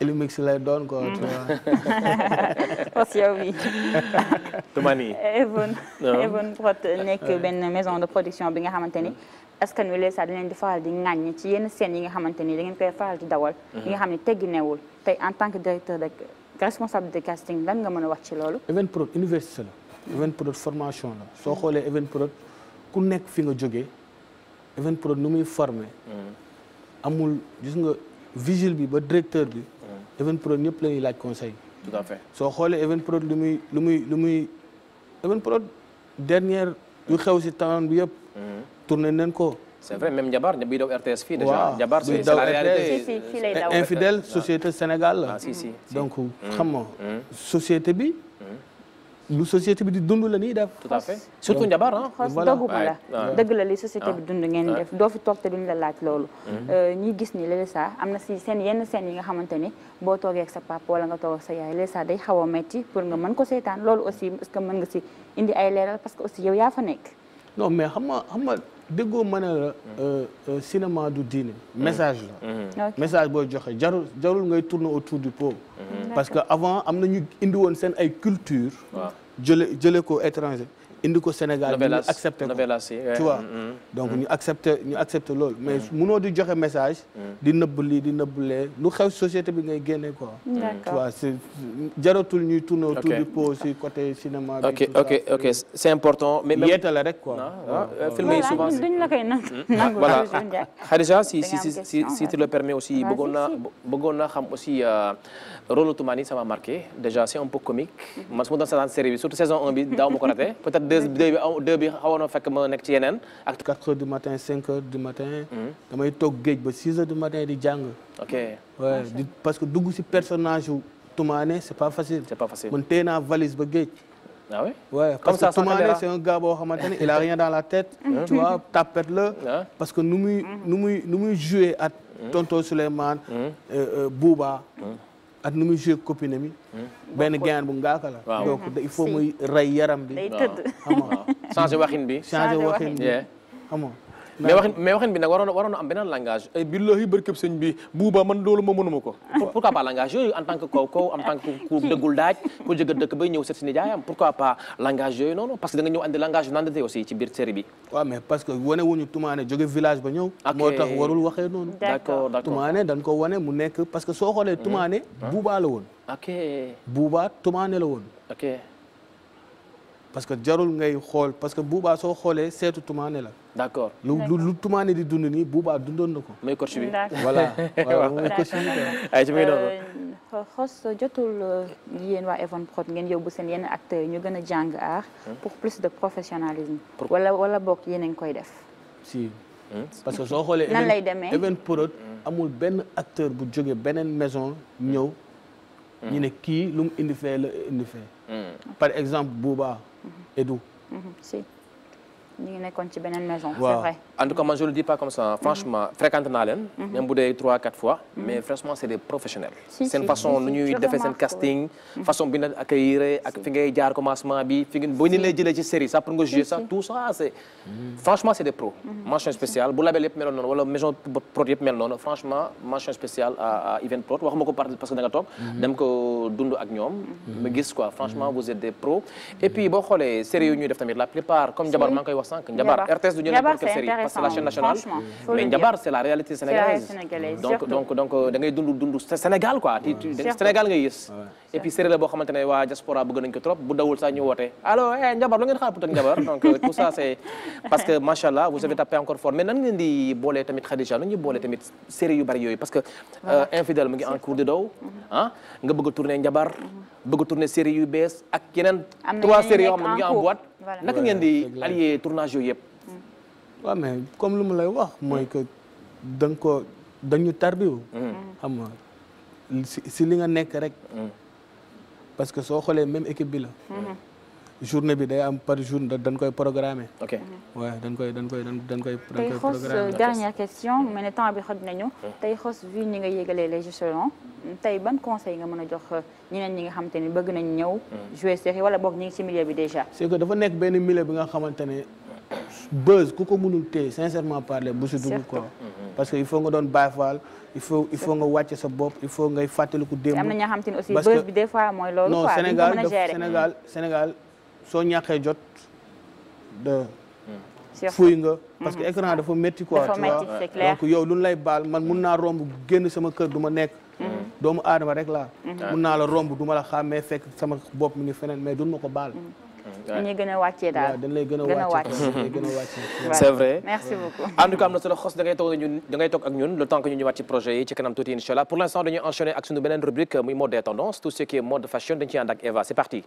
Elimix lay doon quoi. tu vois. pos yow [laughs] nekk ah. benn maison de production bi nga xamante ni. Mm. askan wi léegi sax dañ di faral di ci yenn scènes yi nga xamante ni da ngeen koy faral di dawal. Mm-hmm. yi nga xam ne tegginewul tey en tant que directeur de responsable de casting lan nga mën a wax ci loolu. Event Prod université la. Event Prod formation la soo xoolee Event Prod ku nekk fi nga jógee Event Prod nu muy formé. Mm. amul gis nga. vigile bi ba directeur bi. Evenprod ñëpp la ñuy laaj conseil. tout à fait So xoolee Evenprod lu muy lu muy lu muy dernière yu xew si talaan bi yëpp. Mm-hmm. tourné nañ ko. c'est vrai même Jabar buy daw RTS fi déjà. Jabar c'est la réalité infidèle société Sénégal ah, si. donc mm. xam mm. société bi. Mm. lu société bi di dund la ñuy def. tout à fait surtout njabar ah. dëgg la li société bi dund ngeen def doo fi toog te duñ la laaj loolu. Mhm. Euh, ñi gis ni léeg saa am na si seen yenn seen yi nga xamante ni boo toogee sa papa wala nga toog ak sa yaay léeg saa day xaw a metti pour nga mën ko seetaan loolu aussi est-ce que mën nga si indi ay leeral parce que aussi yow yaa fa nekk. non mais xam nga xam nga déggoo mën a euh, euh, cinéma du diine message la mm-hmm. message booy joxe jarul jarul ngay tourner autour du pot mm-hmm. parce que avant am na ñu indi woon seen ay culture jële jële ko étranger indi ko Sénégal ñu accepté ko tu vois mm-hmm. donc mm-hmm. ñu accepté ñu accepté lool mais mëno mm-hmm. di joxe message di nëbb lii di neublé lu xew société bi ngay génne quoi tu vois c'est jaratul ñuy tourner autour du pot si côté cinéma ok ok ok c'est important mais yeete la rek quoi euh, film yi souvent duñ la koy ah, nangu voilà Khadija si si si si tu le permets aussi bëggoon naa xam aussi euh, rôle Toumani ça m'a marqué déjà c'est un peu comique man su ma doon série surtout saison 1 bi daw ma raté peut-être 4 bi du matin 5 heures du matin. Mhm. damay suis géej ba six heures du matin di jàng. ok parce que dugg si personnage yu Toumane c'est pas facile. c'est pas facile Je téye valise ba géej. ah oui ouais, comme ça Toumane c'est un gars bon matin il a rien dans la tête. [laughs] tu vois tapette le parce que nous nous nous muy nu mhm. Tonton Souleymane. Mhm. Euh, euh, Bouba. ak nu muy joué copine mi. Hmm. benn gàncax bu ngaaka la. waaw donc il faut muy rey yaram bi. day tëdd xam nga waxin bi mais waxin mais waxin bi waroon waroon na am beneen langage ay eh, billahi barkëb sëñ bi buuba man loolu ma mënuma ko pourquoi pas langage yooyu en tant que kaw kaw ku dëggul daaj ku jëgg dëkk bay ñëw seet si nijaayam pourquoi pas langage yooyu noonu parce que da nga ñëw andi langage yu nandate aussi ci biir série bi waaw mais parce que wane wuñu tumaane jóge village ba ñëw moo tax warul waxee noonu tumaane dañ ko wane mu nekk parce que soo xoolee tumaane hmm. buubaa la woon ok buubaa tumaane la woon ok parce que jarul ngay xol parce que bouba so xolé setu tumane la. d'accord lu lu tumaane di dund nii buubaa dundoon na ko. mooy coach bi voilà. waaw [laughs] mooy coach bi ay ci muy doon xos euh, jotul euh, yéen waa Evon Prod ngeen yóbbu seen yenn acteurs ñu gëna jang jàng hmm. pour plus de professionnalisme. wala wala bokk yéen a ngi koy def. si hmm. parce que so xolé nan lay Prod hmm. amul ben acteur bu joggé benen maison ñew ñu ne kii lu indi fee la indi fee. par exemple bouba Edu. Mm-hmm. Si ñu ngi ci maison. c'est vrai en tout cas moi je le dis pas comme ça hein. franchement fréquente naa leen. Mhm. même bu dee trois quatre fois. Mhm. mais franchement c'est des professionnels. une façon nu ñuy defee seen casting. Mhm. façon bi nga accueillir ak fi ngay jaar commencement bi fi ngeen boo ñu lay jëlee ci série ça pour nous jouer ça tout ça c'est franchement c'est des pros. mention spécial. bu label yëpp mel non, wala maison prod yëpp mel noonu franchement mention spécial à Event Prod waxuma ko parce que da nga toog. dem ko dund ak ñoom. ma gis quoi franchement vous êtes des pros. et puis bon, les série yu ñuy def tamit la plupart comme Jabar maa ko sànq Njabar série parce que la chaîne nationale mais Njabar c'est la réalité sénégalaise donc donc donc euh, da ngay dund dund Sénégal et série la boo xamante ne waa diaspora bëgg nañ ko trop bu dawul woote allo eh Njabar lu ngeen xaar pour Njabar [laughs] euh, [laughs] parce que machallah vous avez tapé encore fort mais nan ngeen tamit Khadija nu ñuy tamit série yu yooyu parce que euh, infidèle mu ngi en cours de dow mm-hmm. ah, nga bëgg tourner Njabar mm-hmm. bëgg a voilà naka ngeen di allier tournage yooyu yëpp. waaw mais comme lu ma lay wax mooy que da ko dañu tarbiw hmm. xam nga si li nga nekk rek. Hmm. parce que soo xoolee même équipe bi la. Hmm. journée bi day am par jour dañ koy programmer. ok waaw dañ koy dañ koy dañ koy. dañ koy euh, programmer dernière question mais le temps bi xod nañu. tay xos vu ñi nga yëgalee les échelons tay ban conseil nga mëna jox euh, ñeneen ñi nga xamante ni bëgg nañ ñëw. jouer série wala bok ñi ngi ci milieu bi déjà. c'est que dafa nekk ben milieu bi nga xamante ne buzz ku ko mënul té sincèrement parler bu si dugg quoi. Mhm. parce que il faut nga don Baay Faal il faut il faut nga wàcce sa bop il faut ngay fàttaliku démb. am na ñoo xamante aussi buzz bi des fois moy lolu quoi non Sénégal Sénégal Sénégal. soo ñàkkee jot de. fuy nga parce que mhm. écran dafa métti quoi tu vois donc yow lu lay baal man mun naa romb génn sama kër du ma nekk mhm. doomu aadama rek laa mhm. mun naa la romb du ma la xàmmee fekk sama bopp mu ngi feneen mais duñ ma ko baal c'est vrai merci beaucoup en tout cas pour l'instant rubrique mode et tendance. tout ce qui est mode fashion c'est parti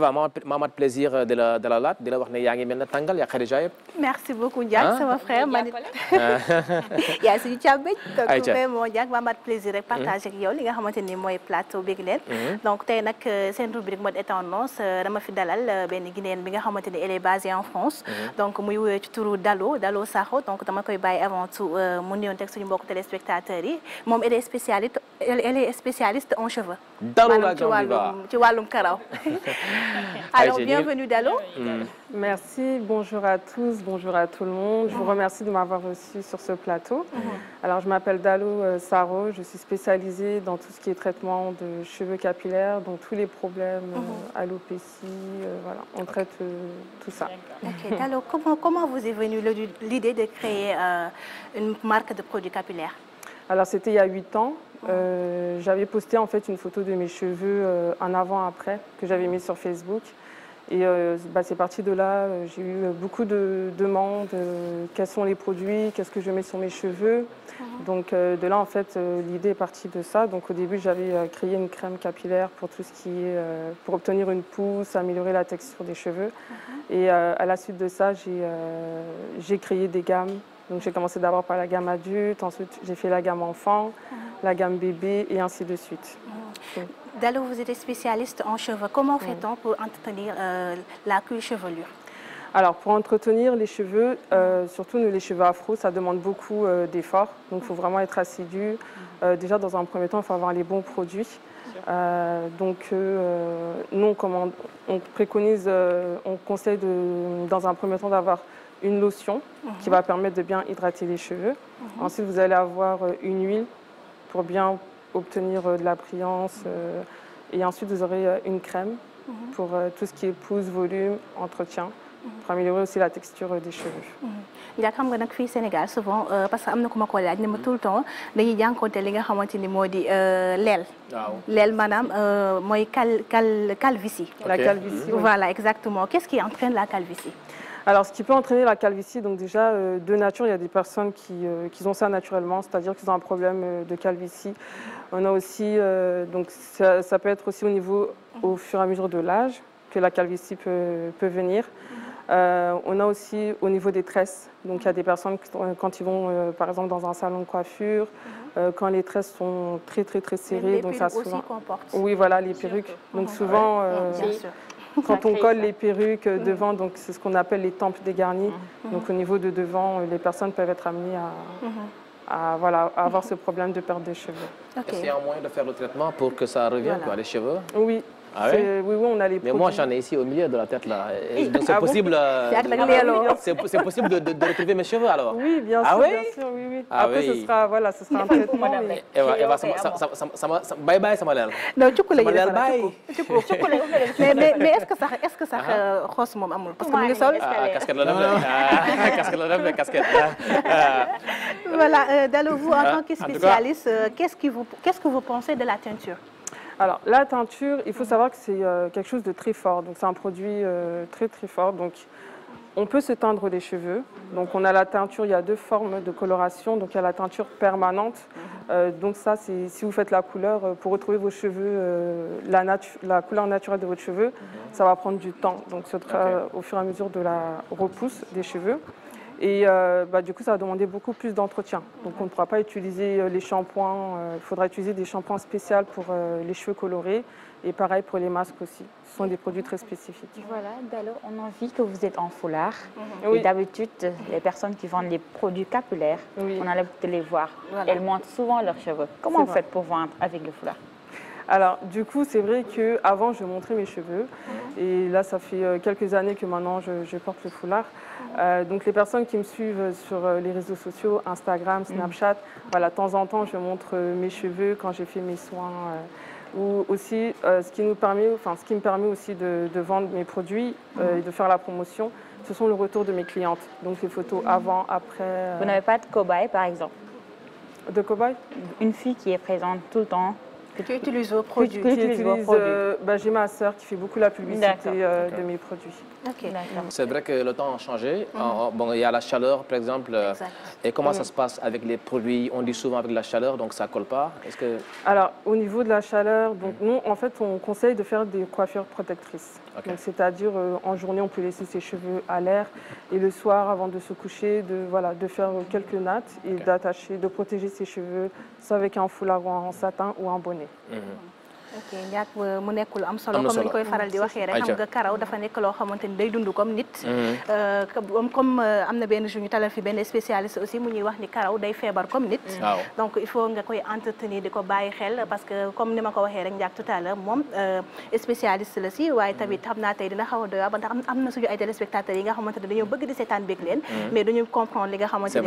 vraiment ma amaat plaisir euh, de la de la lat, de la wax ne yaa ngi tangal y a quelque Khadija merci beaucoup c'est ah. sama frère man [laughs] a ah. [laughs] yaa suñu càmmeñ. ayca [laughs] donc vraiment Ndiaye ma amaat plaisir de mm-hmm. partager ak yow li nga xamante ni mooy plateau beeg mm-hmm. donc tey nag euh, seen rubrique mode et tendance euh, dama fi dalal benn Guinéenne bi nga xamante ni elle est basée en France. Mm-hmm. donc moi je ci turu Dalo Dalo Sakho donc dama koy bàyyi avant tout mu texte suñu de téléspectateurs yi elle est spécialiste elle est spécialiste en cheveux. Dalo la ci wàllum ci wàllum karaw. [laughs] Alors, bienvenue Dalo. Mm. Merci, bonjour à tous, bonjour à tout le monde. Je vous mm. remercie de m'avoir reçu sur ce plateau. Mm. Alors, je m'appelle Dalo euh, Saro, je suis spécialisée dans tout ce qui est traitement de cheveux capillaires, donc tous les problèmes, euh, mm-hmm. alopécie, euh, voilà, on traite tout ça. Ok, Dalo, comment, vous est venue l'idée de créer une marque de produits capillaires Alors, c'était il y a 8 ans. Euh, j'avais posté en fait une photo de mes cheveux euh, un avant-après que j'avais mis sur Facebook. Et euh, bah, c'est parti de là, j'ai eu beaucoup de demandes, quels sont les produits, qu'est-ce que je mets sur mes cheveux. Mhm. Donc de là en fait l'idée est partie de ça. Donc au début j'avais créé une crème capillaire pour tout ce qui est pour obtenir une pousse, améliorer la texture des cheveux. Mhm. Et à la suite de ça j'ai créé des gammes donc j'ai commencé d'abord par la gamme adulte, ensuite j'ai fait la gamme enfant, ah. la gamme bébé et ainsi de suite. Ah. Dalou, vous êtes spécialiste en cheveux. Comment mm. fait-on pour entretenir euh, la queue chevelure alors, pour entretenir les cheveux, mm. euh, surtout nous, les cheveux afro, ça demande beaucoup euh, d'efforts. Donc, il mm. faut vraiment être assidu. déjà, dans un premier temps, il faut avoir les bons produits. Euh, donc, non, euh, nous, on, préconise, euh, on conseille dans un premier temps d'avoir une lotion qui mhm. va permettre de bien hydrater les cheveux. Mhm. Ensuite, vous allez avoir une huile pour bien obtenir de la brillance. et ensuite, vous aurez une crème mhm. pour tout ce qui est pousse, volume, entretien pour améliorer aussi la texture des cheveux. quand mhm. xam nga nag au Sénégal souvent euh, parce que am na ku ma ko mhm. tout le temps dañuy jànkoonte li nga xamante ni moo di euh, leel. waaw madame, euh, cal cal calvitie. la calvitie mhm. voilà exactement qu'est-ce qui entraîne la calvitie. Alors, ce qui peut entraîner la calvitie, donc déjà, de nature, il y a des personnes qui, qui ont ça naturellement, c'est-à-dire qu'ils ont un problème de calvitie. On a aussi, donc ça, ça, peut être aussi au niveau, au fur et à mesure de l'âge, que la calvitie peut, peut venir. Euh, on a aussi au niveau des tresses. Donc il y a des personnes qui, quand ils vont euh, par exemple dans un salon de coiffure, mhm. euh, quand les tresses sont très très très serrées, donc ça souvent. Oui, voilà les perruques. Donc souvent, quand on colle les perruques mhm. devant, donc c'est ce qu'on appelle les tempes dégarnies. Mhm. Donc au niveau de devant, les personnes peuvent être amenées à, avoir ce problème de perte de cheveux. Est-ce qu'il y a un moyen de faire le traitement pour que ça revienne, les cheveux Oui, ah oui? oui, on a les Mais moi, j'en ai ici au milieu de la tête, là. C'est possible, c'est possible de, retrouver mes cheveux, alors Oui, bien ah sûr, oui? oui, ah Après, ce sera, voilà, ce sera un traitement. Eva, bye bye, ça Non, tu coules bye. Mais, mais, est-ce que ça, [laughs] est-ce que ça, rose, mon amour Parce que mon sol... Casquette, la casquette, la casquette. Voilà, euh, Dalo, vous, en tant que spécialiste, euh, qu'est-ce que vous pensez de la teinture alors, la teinture, il faut mhm. savoir que c'est euh, quelque chose de très fort. Donc, c'est un produit euh, très, très fort. Donc, on peut se teindre les cheveux. Donc, on a la teinture, il y a deux formes de coloration. Donc, il y a la teinture permanente. Mhm. Euh, donc, ça, c'est si vous faites la couleur pour retrouver vos cheveux, la, couleur naturelle de vos cheveux, mhm. ça va prendre du temps. Donc, au fur et à mesure de la repousse des cheveux. Et euh, bah, du coup, ça va demander beaucoup plus d'entretien. Donc, on ne pourra pas utiliser euh, les shampoings. Euh, il faudra utiliser des shampoings spéciaux pour les cheveux colorés et pareil pour les masques aussi. Ce sont des produits très spécifiques. Voilà, d'ailleurs, on a envie que vous êtes en foulard. Mhm. Et d'habitude, les personnes qui vendent les produits capillaires, on a l'habitude de les voir. Elles montent souvent leurs cheveux. Comment vous faites pour vendre avec le foulard alors, du coup, c'est vrai qu'avant, je montrais mes cheveux. Mhm. Et là, ça fait euh, quelques années que maintenant, je, porte le foulard. Mhm. Euh, donc, les personnes qui me suivent sur euh, les réseaux sociaux, Instagram, mhm. Snapchat, voilà, de temps en temps, je montre mes cheveux quand j'ai fait mes soins. ou aussi, ce, qui nous permet, enfin, ce qui me permet aussi de, vendre mes produits et de faire la promotion, ce sont le retour de mes clientes. Donc, les photos avant, après. Vous n'avez pas de cobaye, par exemple De cobaye Une fille qui est présente tout le temps que tu utilises vos produits. ben, j'ai ma sœur qui fait beaucoup la publicité euh, de mes produits. C'est vrai que le temps a changé. Mhm. bon, il y a la chaleur, par exemple. Euh, exact. Et comment ça se passe avec les produits On dit souvent avec la chaleur, donc ça colle pas. que Alors, au niveau de la chaleur, donc mhm. nous, en fait, on conseille de faire des coiffures protectrices. c'est-à-dire en journée, on peut laisser ses cheveux à l'air et le soir, avant de se coucher, de voilà, de faire quelques nattes et d'attacher, de protéger ses cheveux, soit avec un foulard ou un satin ou un bonnet. ni mm-hmm. ok ñàkk mu nekk lu am solo comme ni koy faral di mm-hmm. waxee rek xam nga karaw dafa nekk loo xamante ni day dund comme nit mm-hmm. euh, comme euh, am na benn jour ñu talal fi benn spécialiste aussi mu ñuy wax ni karaw day feebar comme nit donc il faut nga koy entretenir di ko bàyyi xel parce que comme ni ma ko waxee rek njaak tout à l'heure moom euh, spécialiste la si waaye tamit xam naa tey dina xaw a doy ba ndax am na suñu ay téléspectateurs yi nga xamante ne dañoo bëgg di seetaan béeg leen mais duñu li nga xamante ni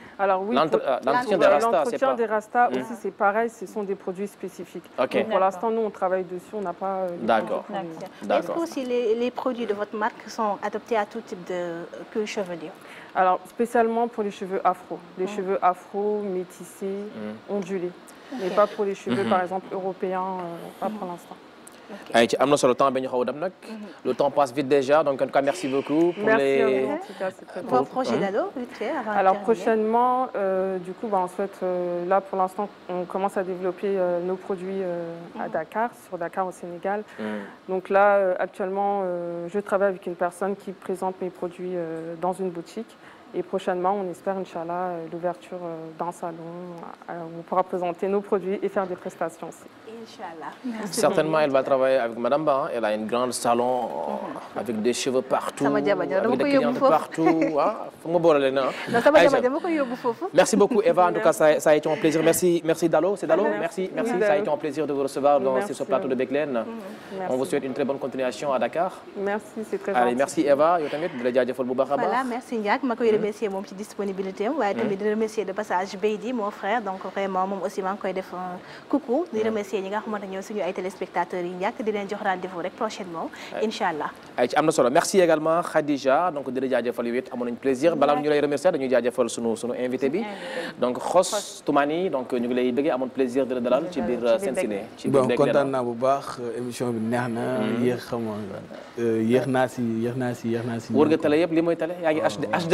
Alors oui, euh, l'entretien des rasta des hmm. aussi, c'est pareil, ce sont des produits spécifiques. pour l'instant, nous, on travaille dessus, on n'a pas... Euh, D'accord. Est-ce que aussi les, produits de votre marque sont adaptés à tout type de cheveux chevelure Alors, spécialement pour les cheveux afro. Les hmm. cheveux afro, métissés, hmm. ondulés. Mais pas pour les cheveux, par exemple, européens, euh, pas pour l'instant. Mhm. le temps passe vite déjà donc en tout cas merci beaucoup pour les projet alors prochainement euh, du coup bah, en euh, là pour l'instant on commence à développer euh, nos produits à mhm. Dakar sur Dakar au Sénégal mhm. donc là actuellement je travaille avec une personne qui présente mes produits dans une boutique et prochainement, on espère, Inch'Allah, euh, l'ouverture euh, d'un salon euh, où on pourra présenter nos produits et faire des prestations Certainement, elle va travailler avec Madame Ba. Elle a un grand salon avec des cheveux partout, avec des partout. Hein. [laughs] Merci beaucoup, Eva. En tout cas, ça, a été un plaisir. Merci, merci Dalo. C'est Dalo Merci, merci. Ça a été un plaisir de vous recevoir dans ce plateau de Beklen. Mm-hmm. On vous souhaite une très bonne continuation à Dakar. Merci, c'est très gentil. Allez, merci Eva. merci remercier mon ci disponibilité am waaye tamit di remercier de passage Beydi mon frère donc vraiment moom aussi maa ngi koy def euh, coucou di remercier ñi nga xamante ñoo été ay téléspectateurs yi ñàkk di que jox rendez-vous rek prochainement Inshallah. allah ay ci solo merci également Khadija donc di la jaajëfal yow it amoon plaisir balaa ñu lay remercier dañuy jaajëfal sunu sunu invité bi donc Xos Toumani donc ñu voulons lay bëggee amoon plaisir de le dalal ci biir Ciné ci bon kontaan naa bu baax euh, émission bi neex na hmm. yéex xam nga euh, yéex naa si yéex naa si yéex naa si wër nga tale yëpp li mooy tale yaa HD HD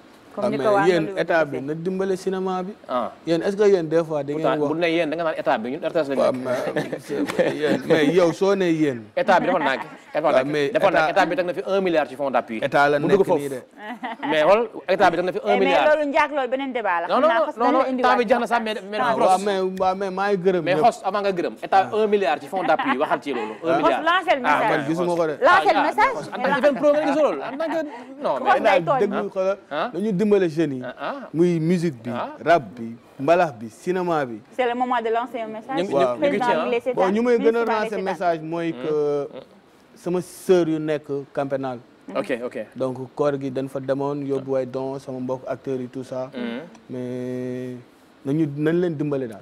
comme ni ko waa yéen état bi na dimbale cinéma bi. Ah. yéen est ce que yéen des fois. da ngeen wax bu ne yéen da nga naan état bi ñun RTS la mais yow soo nee yéen. état bi dafa nàkk. waaw mais état état bi teg na fi un milliard ci fonds d'appui. état la nekk nii de mais xool état bi teg na fi un eh, milliard. mais loolu njaag loolu beneen débat la. xam naa parce que dañu indi temps bi jeex na sax mais mais. waaw mais waaw mais maa ngi gërëm. mais xos avant nga gërëm état un milliard ci fonds d'appui waxal ci loolu. un milliard ah man gisuma ko de. lancer le ah, message dimbalé jeunes yi. Ah, ah. musique bi ah. rap bi mbalax bi cinéma bi. c'est le moment de lancer un message. waaw bon ñu may gëna a lancer message moy mm. que mm. sama sœur yu nekk Campenal. Mm-hmm. ok ok donc koor gi dañ fa demoon yóbbu way don sama mbokk acteur yi tout ça. Mm. mais nañu nañ leen dimbalé daal.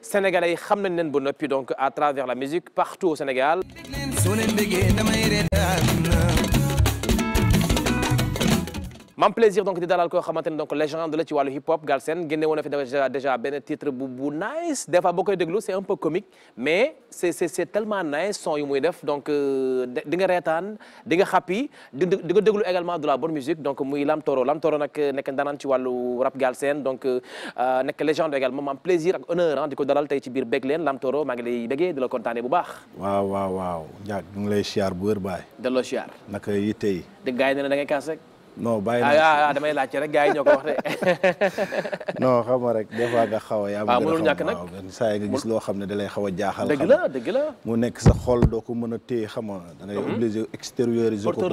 sénégalais xamnañ donc à travers la musique partout au Sénégal. Un plaisir donc d'être là koo xamante donc légende la ci wàllu hip hop Galsen génne woon na fi déjà déjà benn titre bu bu nice des fois beaucoup de déglu c'est un peu comique mais c'est c'est c'est tellement nice son yu def donc euh, di nga rétane di nga xapi di nga déglou également de la bonne musique donc muy Lam Toro Lam Toro nak euh, nek ndaanaan ci walu rap Galsen donc euh, nekk légende également un plaisir ak honneur ah di ko dalal tey ci bir beglen Lam Toro maa lay béggee de la kontaanee bu baax. waaw waaw waaw Ndiaye ngi lay siyaar bu wër baay. delloo siyaar. nak yitte yi. dégg gaa yi da ngay non bàyyi ah, ah, ah, damay laajte rek gars yi ñoo ko wax de. [laughs] non xam rek des nga xaw a. yaa ma gën a xam waaw saa nga gis loo xam ne da lay xaw a jaaxal. dëgg la la mu nekk sa xol doo ko mën a téye xam nga da ngay mhm. obligé extérioriser ko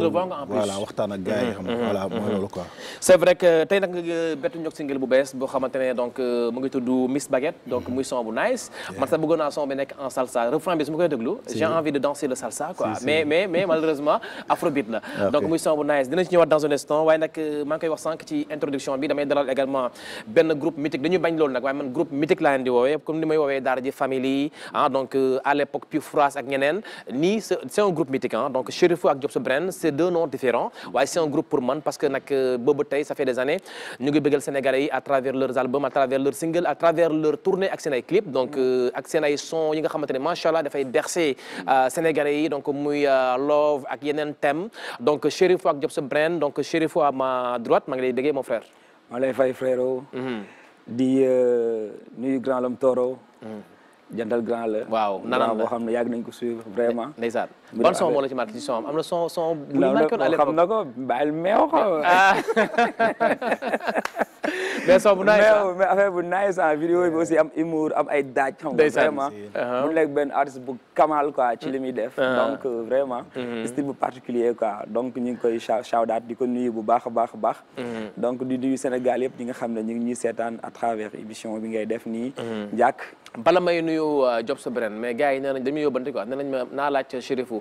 voilà waxtaan ak gars yi xam nga mhm, voilà mooy mhm, loolu c'est vrai que tey nag euh, bettu ñoog single bu bees boo xamante ne donc euh, mu ngi tudd Miss Baguette donc muy son bu nice. man sax bi nekk en salsa refrain bi envie de danser le salsa quoi mais mais malheureusement [laughs] afrobeat la. donc instant waaye nag euh, maa koy wax sànq ci introduction bi damay dalal également ben groupe mythique dañuy bañ loolu nag waaye man groupe mythique là leen di comme ni may woowee daara ji famille ah, donc euh, à l'époque plus France ak ñeneen c'est un groupe mythique ah. donc Chérifou ak Diop Subren c'est deux noms différents waaye c'est un groupe pour man parce que nak, euh, boobu tey ça fait des années ñu ngi bëggal Sénégalais yi à travers leurs albums à travers leurs singles à travers leurs tournées ak seen clips donc ak seen ay sons yi nga xamante ne macha allah dafay bercer Sénégalais yi donc muy love ak Yenen Thème. donc Chérifou ak Diop Subren donc première fois ma droite maa ngi lay déggee mon frère. maa lay fay frère. Mhm. di euh, nuyu grand lam Toro. Mhm. jandal grand la. waaw nanan la boo xam ne yàgg nañ ko suivre vraiment. ndeysaan ban son moo la ci marqué ci son am na son son. bu ñu marqué woon à l'époque xam na ko baal meew xaw ah. [laughs] mais son bu naay ah. bu naay ah. sax vidéo bi am humour am ay daaj. xam nga vraiment uh-huh. benn artiste bu kamal quoi ci li muy def. Uh-huh. Euh, vraiment. Mm-hmm. style bu particulier donc ñu ngi koy shout di ko nuyu bu baax baax baax. Mm-hmm. donc di nuyu Sénégal yëpp ñi nga xam ne ñu ngi ñuy seetaan à travers émission bi ngay def nii. Mm-hmm. jàkk bala may nuyu euh, Job Sobraine mais gars yi nee nañ dañuy yóbbante quoi nee nañ ma naa laaj Chérifou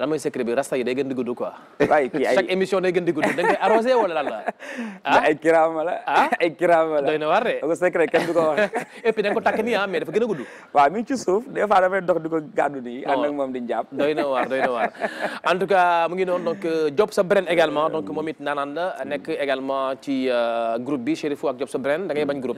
lan mooy secret bi rasta yi day gën di gudd quoi. [laughs] waaye kii ay [laughs] la. ah la. [laughs] ah ay kiraama la doy na waar de. parce que kenn du ko wax. et puis da nga ko takk nii ah mais dafa gën a gudd. waaw mi ngi ci suuf des fois dafay dox di ko gàddu nii. Oh. ànd ak moom di jàpp. doy na waar doy na waar en tout cas mu ngi noonu donc euh, Job sa brain également moom it naanaan la nekk également ci euh, groupe bi Chérifou ak Job sa brain da ngay bañ groupe.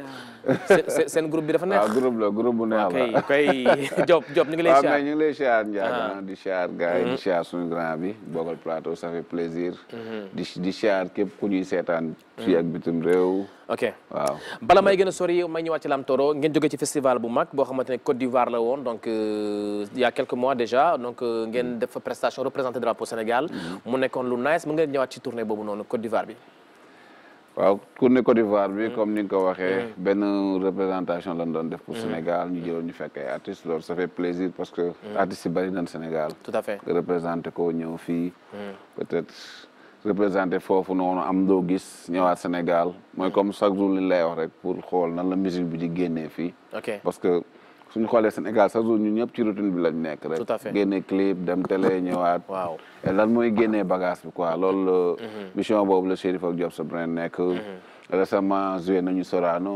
seen groupe bi dafa neex. waaw groupe la groupe bu la. ok ok Job Job ñu ngi lay. waaw mais ñu ngi siyaar suñu grand bi bokkal plateau ça fait plaisir. Mhm. di di siyaar képp ku ñuy seetaan. fii mhm. ak bitim réew. ok waaw bala may gëna sori may ñëwaat ci Lam Toro ngeen joggé ci festival bu mag bo xamante Côte d'Ivoire la won donc euh, il y a quelques mois déjà donc euh, ngeen mhm. def prestation représenté drapeau Sénégal. mu nekkoon lu nice mu ngeen ñëwaat ci tournée bobu non Côte d'Ivoire bi waaw tournée Côte d'Ivoire bi mm. comme ni nga ko waxee. une mm. représentation lañ doon def pour mm. Sénégal ñu jëloon ñu fekk ay artistes ça fait plaisir parce que. artistes yi bari le Sénégal. tout à fait représenté ko ñëw fii. peut-être représenté foofu noonu am doo gis ñëwaat Sénégal mooy comme chaque jour li lay wax rek pour xool nan la musique bi di génnee fii. parce que suñ xoolee Sénégal ñun ci routine bi rek. tout à fait clip dem télé [coughs] ñëwaat. lan bagage bi quoi mission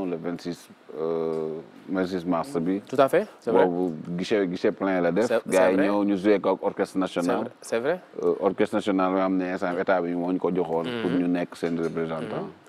le 26 euh, mars tout à fait c'est vrai guichet guichet plein la def. joué ko orchestre national. c'est vrai euh, orchestre national a état bi ko mm-hmm. pour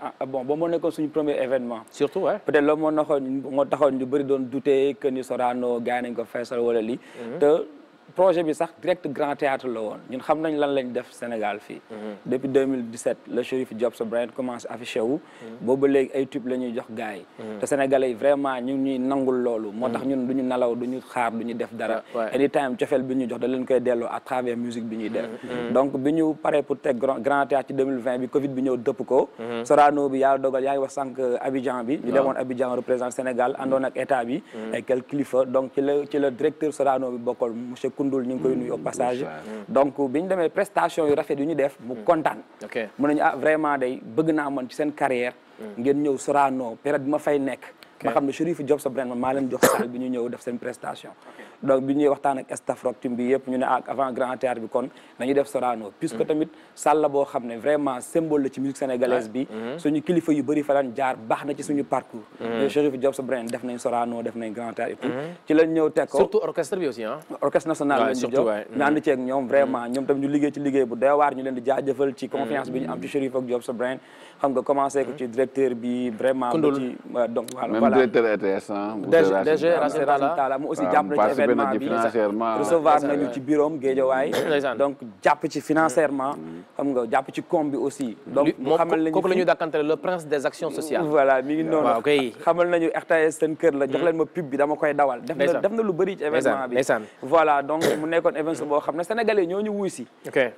bon ah, ah, bon ba moo nekkoon suñu premier événement. surtout hein peut-être loolu moo taxoon moo taxoon ñu bëri doon douter que ni Sorano gars nañ ko feesal wala lii. Mhm. te projet bi sax direct grand théâtre la won ñun xam nañ lan lañ def Sénégal fi mhm. depuis 2017 le Chérif Diop sa Bryant commencé affiché wu mhm. booba léegi ay tube lañuy jox gaay yi mhm. te sénégalais vraiment ñu ñuy nangul lolu motax ñun duñu nalaw duñu xaar duñu def dara anytime cofeel bi ñuy jox da leen koy delloo à travers musique bi ñuy def donc biñu paré pour teg grand théâtre ci 2020 bi Covid bi ñeu depp ko Sorano bi yàlla dogal yaa wax sank Abidjan bi ñu démon Abidjan représente Sénégal àndoon ak état bi ay quelques kilifa donc ci le ci directeur Sorano bi bokol monsieur Koundoul ñu ngi koy nuyu au mm, passage mm. donc bi ñu demee prestation yu rafet yu ñu def mu mm. kontaan mun nañu ah vraiment day bëgg naa man ci seen carrière ngeen ñëw Sorano période ma fay nekk ma xam ne Chérif Diop sa brand man maa leen jox salle bi ñu ñëw def seen prestation donc bi ñuy waxtaan ak staff Rock Team bi yëpp ñu ne avant grand théâtre bi kon nañu def Sorano puisque mhm. tamit salle la boo xam ne symbole ci musique sénégalaise bi mhm. suñu kilifa yu bari fa daan jaar baax na ci suñu parcours mhm. surtout orchestre bi orchestre national lañ am ci Chérif ak Diop sa xam nga commencé ko ci directeur bi vraiment. Euh, donc voilà. même directeur RTS ah. Hein, DG Racine Talla mu aussi jàppale ci événement bi recevoir nañu ci bureau am Géejawaay. donc japp ci financièrement. Mm. Mm. xam nga jàpp ci com bi aussi. donc mu xamal nañu kooku la ñuy le prince des actions sociales. voilà mi ngi noonu xamal nañu RTS sen kër la jox mm. len ma pub bi dama koy dawal. def na def na lu bari ci événement bi. voilà donc mu nekkoon événement bo xamna sénégalais ñoo ñu wuy ci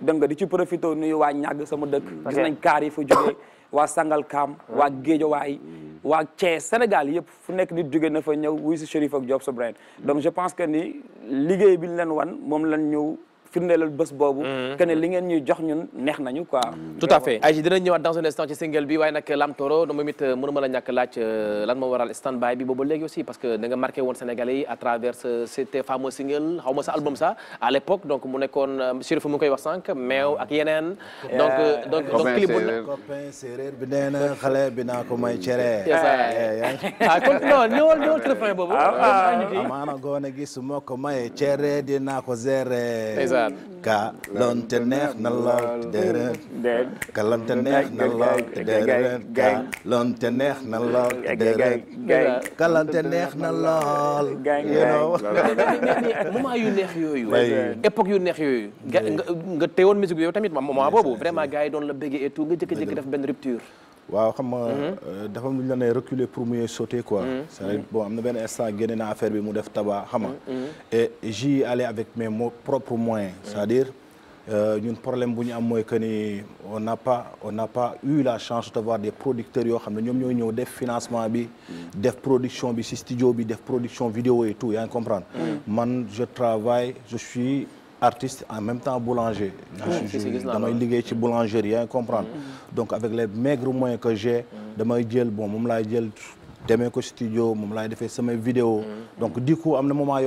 donc di ci profité nuyu waa ñag sama dëkk. gis nañ kaar yi fa jógee. waa kaam mm. waa Guédiawaye waa Thiès Sénégal yëpp fu nekk ni jóge na fa ñëw wuy si Chérif ak Diop Sobraine mm. donc je pense que ni liggéey bi ñu leen wan moom lan ñëw firndeelal bés boobu mm-hmm. que ne li ngeen ñuy jox ñun neex nañu quoi tout à fait Aïcha dinañ ñëwaat dans un instant ci single bi waaye nag Lam Toro da moom it euh, mënuma la ñàkk laaj euh, lan moo waral stand by bi boobu léegi aussi parce que da nga marqué woon Sénégalais yi à travers c'était fameux single xaw ma sa album ça à l'époque donc mu nekkoon Chérif euh, mu ngi koy wax sànq meew ak yeneen donc donc donc clip bu bi nee na xale bi naa ko may cere eh, eh, eh. ah kon non ñëwal ñëwal ah, ah, ah. su ma ko may cere dinaa ko zere kalonte neex na lool te deret kalonte neex na lool te deret kalonte neex na lool te deret kalonte neex na lool you know moment yu neex yooyu époque yu neex yooyu nga teewoon musique bi yow tamit moment boobu vraiment gars yi doon la béggee et tout nga jëkk-jëkk def benn rupture waaw xam nga. Mhm. Euh, dafa mu la reculer pour mieux sauter quoi. Mhm. c'est bon am na benn instant génne na affaire bi mu def tabac xam nga. Mhm, et j'y allais avec mes propres moyens. c'est à dire euh, ñun problème bu ñu am mooy que ni on n'a pas on n'a pas eu la chance de voir des producteurs yoo xam ne ñoom ñoo ñëw def financement bi. def production bi studio bi def production vidéo et tout yaa ngi comprendre. man je travaille je suis artiste en même temps boulanger. Je suis ci boulangerie hein, comprendre. Mm-hmm. donc avec les maigres moyens que j'ai mm-hmm. bon studio mes vidéo mm-hmm. donc du coup à moment a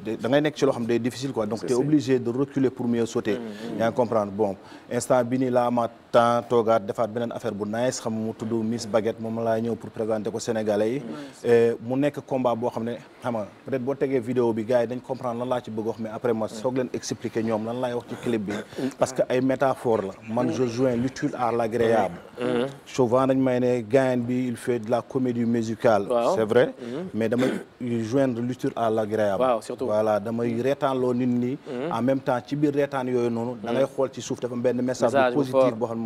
da difficile quoi donc es obligé de reculer pour mieux sauter. comprendre bon instant bini là temps toogaat defaat benen affaire bu nice xam mu tudd Miss Baguette mom la ñëw pour présenter ko Sénégalais yi mu nekk combat bo xamné xam nga peut être bo tegee vidéo bi gars yi dañ comprendre lan la ci bëgg wax mais après ma sok leen expliquer ñom lan lay wax ci clip bi parce que ay métaphore la man je joins l'utile à l'agréable mm-hmm. Mm-hmm. souvent dañ may né gayan bi il fait de la comédie musicale c'est vrai mm-hmm. mais dama joindre l'utile à l'agréable voilà dama rétan lo nit ni en même temps ci bir reetaan yooyu noonu da ngay xol ci suuf dafa benn message positif bo xam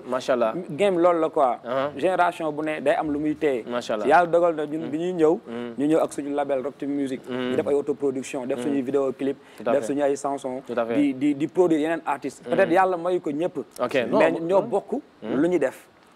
Mashallah. game lol ah ah. génération day am lu muy label Rock Music. Mm. autoproduction def mm. vidéo clip. def chansons. di di produire artistes. Mm. peut-être yàlla beaucoup, ko ñëpp. ok mais ñoo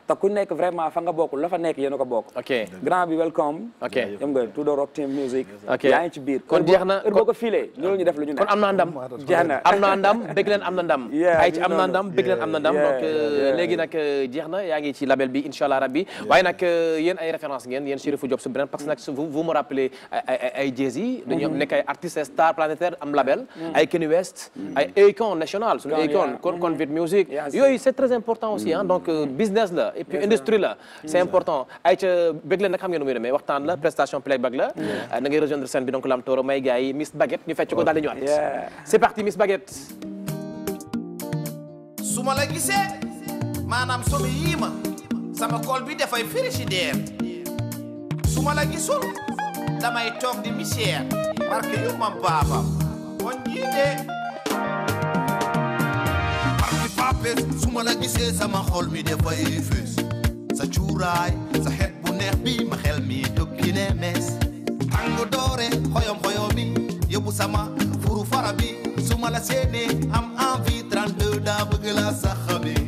te ku vraiment fa nga bokk la fa nek yéen ko bokk. ok grand bi welcome. ok yëm nga Tudor Rock Team Music. yaay ci biir. kon jeex na heure filé ñoo ñu def lu ñu ne. kon amna ndam jeex amna ndam begg len amna ndam. [laughs] ay ci amna ndam begg len amna ndam donc euh, légui nak euh, jeex yaangi ci label bi inshallah rabbi way nak euh, yeen ay référence ngeen yeen cherifou Diop su beneen parce nak vous me rappelez ay ay dañu nek ay mm-hmm. artiste star planétaire am label. Mm-hmm. ay Kanye West. Mm-hmm. ay icon national suñu icon kon kon Music. yoy c'est très important aussi hein donc business la et puis industrie là c'est important ay ca bëgg leen nag xam ngeen nu muy demee la prestation playback la na ah, ngay rejoindre scène bi donc Lam toro may gars Miss Baguette ñu fecc ko daal di ñëwaat c'est parti Miss Baguette su la gissé manam somi yima sama col bi dafay frigidaire su la gisul damay toog di misière barke yu mam baabam on ñii de xappees su ma la gisee sama xol mi dafay sa cuuraay sa xet bi ma xel mi tukki ne mees tàng doore xoyom xoyomi sama furu fara bi la am envie 32 daa bëgg la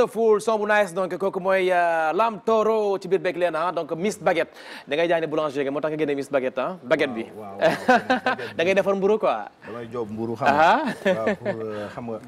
wonderful son bu nice donc kooku mooy euh, Lam Toro ci mburu xam nga ah, ah. [laughs] Euh, xam nga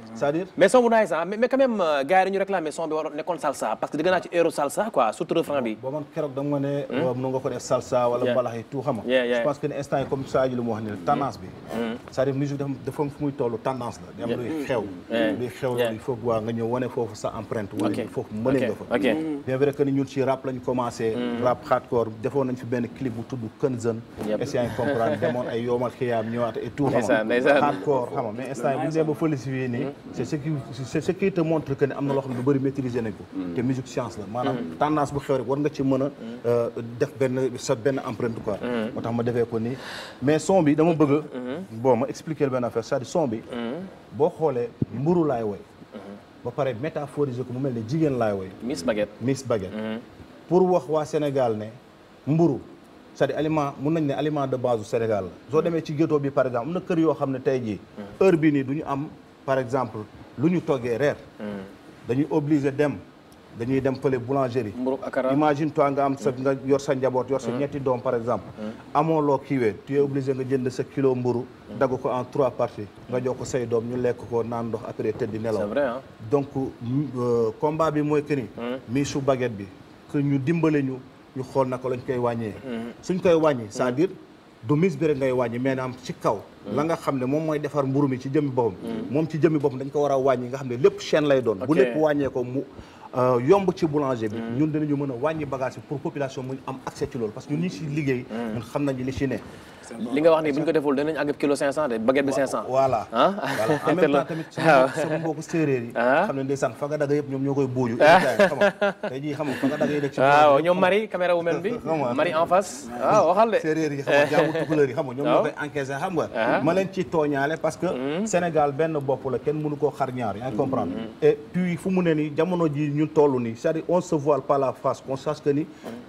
mais son bu nice ah mais quand même euh, gars yi dañu réclamé son bi salsa parce que dégg naa euro salsa quoi surtout refrain bi. boo man keroog da nga hmm? nga ko def salsa wala mbalax yi tout xam nga. tendance bi. Hmm. Hmm. cest dafa muy toll tendance la. dem luy xew luy xew il faut que waa nga ñëw wane foofu sa empreinte enceinte wala ñu foofu mëne nga fa bien vrai que ni ñun ci rap lañ commencé mm. rap hardcore defo nañ fi ben clip bu tudd Kenzen essayant de comprendre demoon ay yoomal xiyaam ñëwaat et tout xam nga hardcore xam nga mais instant bu ñu demee ba falsifié ni mm. c'est ce qui c'est ce qui te montre que amna lo xam du bari maîtriser nañ ko mm. te musique science la manam tendance bu xew rek war nga ci mëna a euh, def ben sa ben empreinte quoi motax ma défé ko ni mais son bi dama bëgg bon ma expliquer ben affaire c'est-à-dire son bi bo xolé mburu lay woy ba pare métaphoriser ko mu mel ne jigéen laay woy Miss Baguette Miss Baguette mm-hmm. pour wax waa Sénégal ne mburu cest à aliment mun nañ ne aliment de base Sénégal la soo demee ci géto bi par exemple am na kër yoo xam ne tey jii mm-hmm. heure bi nii du ñu am par exemple lu ñu toggee reer mm-hmm. dañuy obligé dem dañuy dem fële boulangerie. imagine toi nga am sa mm. nga yor sa njaboot yor sa mm. ñetti doom par exemple. Mm. amoo loo kiiwee tu es obligé nga jënd sa kilo mburu dagu ko en trois parties. nga jox ko say dom ñu lek ko nan dox après teddi nelaw. c'est vrai hein donc euh, combat bi moy que ni. mii su baguette bi. que ñu dimbalé ñu ñu xol naka lañ koy wañé suñ koy wañé cest dire du mise bi rek ngay wàññi mais na am ci kaw. la nga xam mom moy mooy defar mburu mi ci jëmmi bopum mom ci jëmmi bopum dañ ko wara wañi nga xam lepp chaîne lay doon. bu lepp wañé ko mu euh, yomb ci boulanger bi mm. ñun dañu mëna wañi bagage pour population mu am accès ci lool parce que ñun ñi si liggéey mm. ñun xam nañu li ci né li nga wax ni buñ ko deful dañ lañ ag kilo 500 de baguette bi 500 voilà en même temps tamit sama mbokk sereer yi xam nañ ndaysan fa nga dag yeb ñom ñokoy boju tay ji xam fa nga dag yeb ci waaw ñom mari caméra wu mel bi mari en face waaw waxal de sereer yi xam jaamu tukuleer yi xam ñom ñokoy encaisser xam nga ma leen ci toñale parce que sénégal benn bop la ken mënu ko xar ñaar ya comprendre et puis fu mu ne ni jamono ji ñun tollu ni c'est à dire on se voile pas la face on sache que ni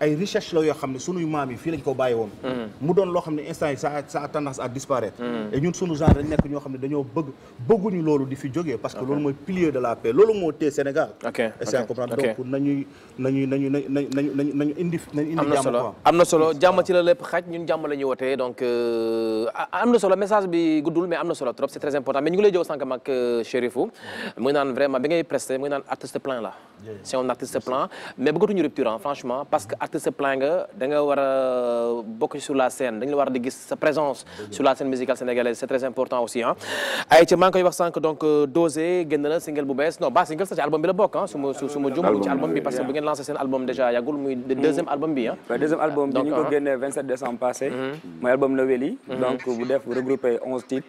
ay recherche la yoo xam ne sunuy maam yi fii lañ ko bàyyi woon mm. mu doon lo xamné instant ça ça a tendance à disparaître mm. et ñun sunu genre dañ nekk ñoo xam dañoo bëgg bëgguñu lolu di fi joggé parce que lolu moy pilier de la paix lolu mo té Sénégal essayer comprendre donc nañuy nañuy nañu na nañ nañu indi nañu indi jàmm quoi amna solo jàmm ci la lépp xaj ñun jàmm lañu woté donc euh, amna solo message bi guddul mais amna solo trop c'est très important mais ñu ngi lay jow sank mak euh, cherifou muy naan vraiment bi ngay presté muy naan artiste plein là c'est un artiste plein mais bëggatu ñu rupture hein, franchement parce que de plein plaindre, da beaucoup sur la scène dañu la sa présence sur la scène musicale sénégalaise c'est très important aussi ah hein. ay ca maa que koy wax donc euh, Dosé génn single bu non ba single c'est un album de la bokk ah su ma su ci album bi parce que bu ngeen lancé album déjà a le deuxième album bi Le hein. deuxième album bi ñu le euh, 27 décembre passé mhm. mon album novelli mhm. donc vous devez regrouper onze titres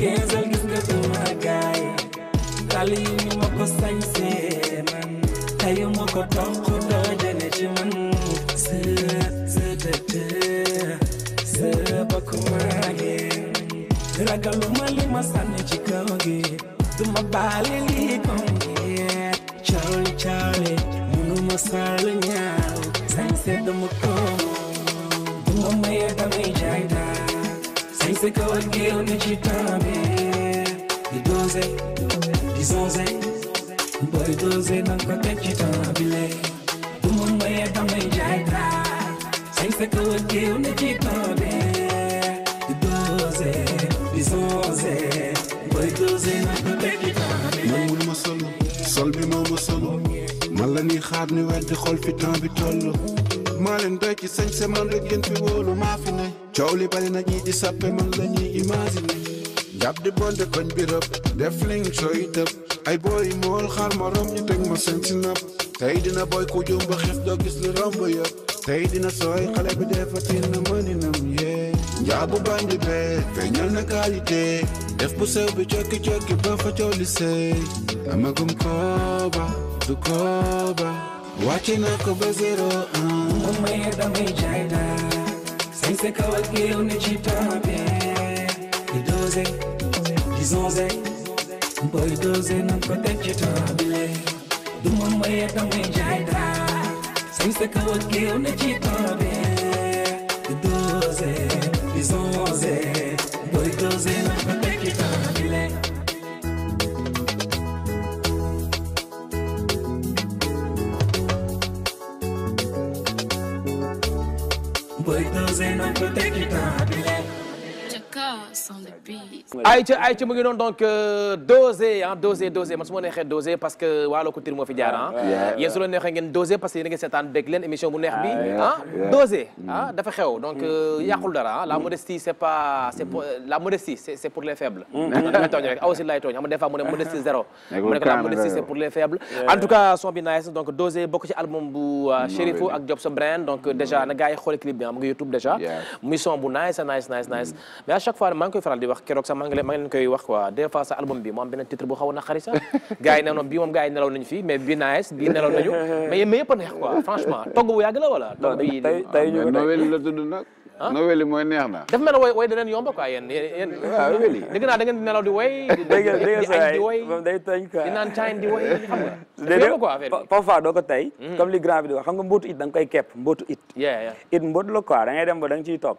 Kenzel gis nga duma gaay dal yi ñu man tayo moko ko toq doojane ci man sëë sëë tëtë sëë bakku maage ragaluma li ma sànni ci kaw gi duma Charlie Charlie munuma saal ñaaw sañsee dama ko duma maye damay jaay c'est que le gué on est chitamé Di doze, di zonze Boy doze nan ko te chitabile Du mun moye damay jaay dra Sen c'est que le gué on est chitamé Di doze, di zonze Boy doze nan ko te chitabile Nangul ma solo, sol bi moo ma solo Man la ñuy xaar ni weddi xol fi temps bi toll maa leen doy ci sañ se man la gën fi wóolu maa fi nay coow bari na ñii di sàppe man la imagine Jab di bonte koñ bi rëb def ling sooy tëb ay booy mool xaar ma rom ñu teg ma seen si napp tey dina boy ku jum ba xef doo gis li romb yëpp tey dina sooy xale bi dee fatin na mëninam yee njaabu bandi bee feeñal na qualité def bu sew bi cokki cokki ba fa coow li sëy amagum kooba du kooba wàcce na ko ba zéro ah. un damay jaay daal niseka wagire unechitape idoze izonze mbo idoze nankotechitape duma mweyeta mwenjaita siniseka wagire unechitape idoze izonze mbo idoze nankotechitape tempo tem que dar. ayca ayca mu ngi noonu donc doser ah doser hein, doser man su ma neexee dosé parce que Waalo Couture moo fi jaar ah. yéen su la neexee ngeen dosé parce que yéen a ngi seetaan bég leen émission bu neex bi ah dosé ah dafa xew donc euh, mm. yàqul dara la mm. modestie c'est pas c'est est pour euh, la modestie c'est est pour les faibles. damay tooñ rek aussi laay tooñ xam des fois mu modestie zéro. mu ne la modestie c'est pour les faibles. en tout cas son bi nice donc doser bokk ci album bou euh, Chérifou ak Job Brain donc déjà na gars yi xool clip bi ah mu YouTube déjà. muy son bu nice nice nice nice mais à chaque fois maa ngi faral di wax keroog sax ma ngi leen ma ngi leen koy wax quoi des fois sa album bi mu am benn titre bu xaw a naqari sax [laughs] gars yi ne noonu bii moom gars yi nelaw nañu fii mais bii nice bii nelaw nañu mais mais yëpp a neex quoi franchement togg bu yàgg la wala togg bi ah, noël la tudd [laughs] nag ah? noël mooy neex na dafa mel ne woy woy daneen yomba quoi yéen yéen ah, dégg naa da ngeen di nelaw di woy [laughs] di woy di naan cayn di woy xam nga quoi parfois doo ko tey hmm. comme li grand bi di wax xam nga mbootu it da nga koy kepp mbootu it it mbootu la quoi da ngay dem ba da nga ciy toog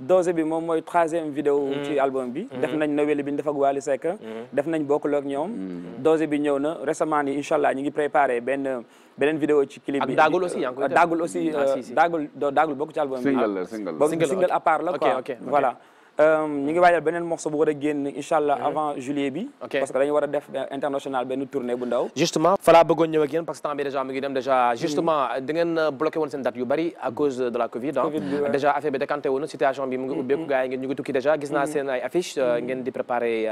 dose bi mom moy 3 troisième vidéo mm. ci album bi mm-hmm. def nañ naweli bi def ak Wally Seck mm-hmm. def nañ bokkuloog ñom mm-hmm. dose bi ñëw na récemment ni incha allah ngi préparé ben benen vidéo ci clip bi dagul aussi dagul aussi ah, euh, dagul dagul bokk ci album bi single single à part la quoi voilà nous euh, ngi waajal beneen morceau bu war génn mhm. avant juillet bi. parce que dañu avons a def international benn tournée bu ndaw. justement Il bëggoon ñëw ak parce que nous bi déjà mi ngi dem déjà. justement mhm. da ngeen euh, bloqué woon seen date yu bari à cause de la Covid. Hein. Covid bi affaire bi décanté woon situation bi mu ngi mhm, ubbeeku gars yi ngeen ñu ngi tukki dèjà. gis naa seen ay affiches euh, ngeen di préparé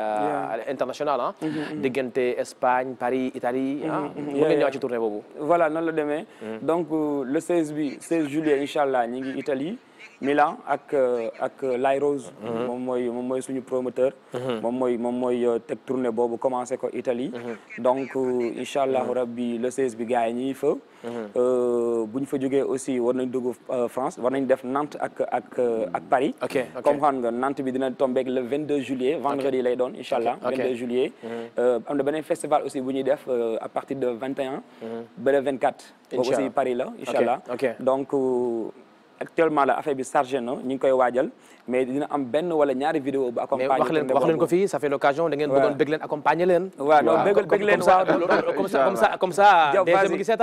international ah. Espagne Paris Italie Nous hein. mën ngeen ñëwaat ci tournée voilà non le demee. donc le 16 bi 16 juillet Inshallah, nous ngi Italie. Milan avec avec Lairose mon suis mon promoteur mon mhm. suis mon mooy euh, teg tournée commencer en Italie mhm. donc euh, Inch'Allah, mhm. le 16 bi il yi ñuy fa euh, aussi war nañ France war nañ def Nantes avec Paris comme Nantes bi dina le 22 juillet vendredi là-dedans, inshallah. 22 juillet On a un festival aussi bu def à partir de 21 le 24 aussi Paris là, inshallah. donc actuellement la affaire bi chargé na ñu ngi koy mais dina am benn wala ñaari vidéo bu accompagné wax leen wax leen ko fii ça fait l'occasion da ngeen bëggoon bëgg leen accompagner leen waaw non bëgg bëgg leen comme ça comme ça comme ça ah.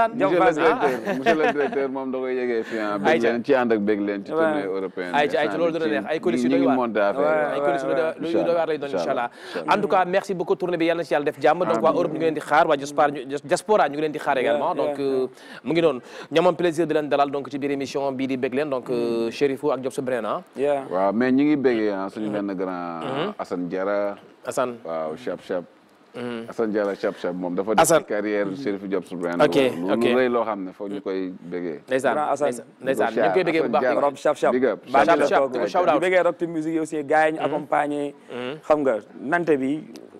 le directeur moom da koy yegee fii ah, bëgg leen ci ànd ak leen ci tournée européenne ay ay loolu dina neex ay ay colis yu doy waar lay doon incha allah en tout cas merci beaucoup tournée bi yàlla na ci yàlla def donc waa Europe ñu ngi leen di xaar waa diaspora diaspora ñu ngi leen di xaar également donc euh, mu ngi noonu ñamoon di leen dalal donc émission bii di bëgg leen donc euh, Chérifou waaw mais ñi ngi béggee ah suñu mm-hmm. benn grand. Ah, mm-hmm. Assane Diarra. Assane waaw Chap Chap. Mm-hmm. Assane Diarra Chap Chap moom dafa. Assane def carrière Chérif Diop Soubrand. ok ok lu rëy loo xam ne foog ñu koy béggee. ndeysaan ndeysaan ndeysaan ñu koy béggee bu baax rob Chap Chap. big up Chap Chap di ko shout out Music yi aussi gars yi xam nga nante bi.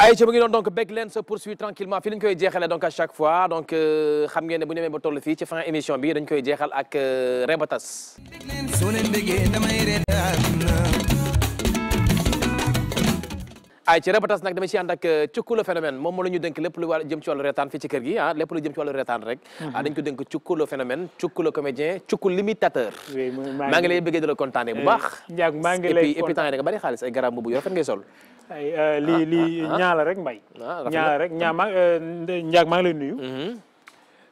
Aïe, je donc se poursuit tranquillement donc à chaque fois donc euh, xam bu fin émission bi dañ koy je ay ci rebatas nag dama ci ànd ak euh, cukku le phénomène ñu dénk lépp lu war jëm ci wàllu reetaan fii ci kër gi ah lépp lu jëm ci wàllu reetaan rek mhm. ah dañ ko dénk cukku le phénomène cukku le limitateur maa ngi lay bëggee di la kontaane bu eh, baax njaag maa ngi lay et puis temps yi da nga bari xaalis ay garab mbubu yoo rafet ngay sol ay euh, lii ah, ah, lii ah, ñaa la rek mbay ñaa la rek ñaa maa euh, njaag maa ngi lay nuyu mhm.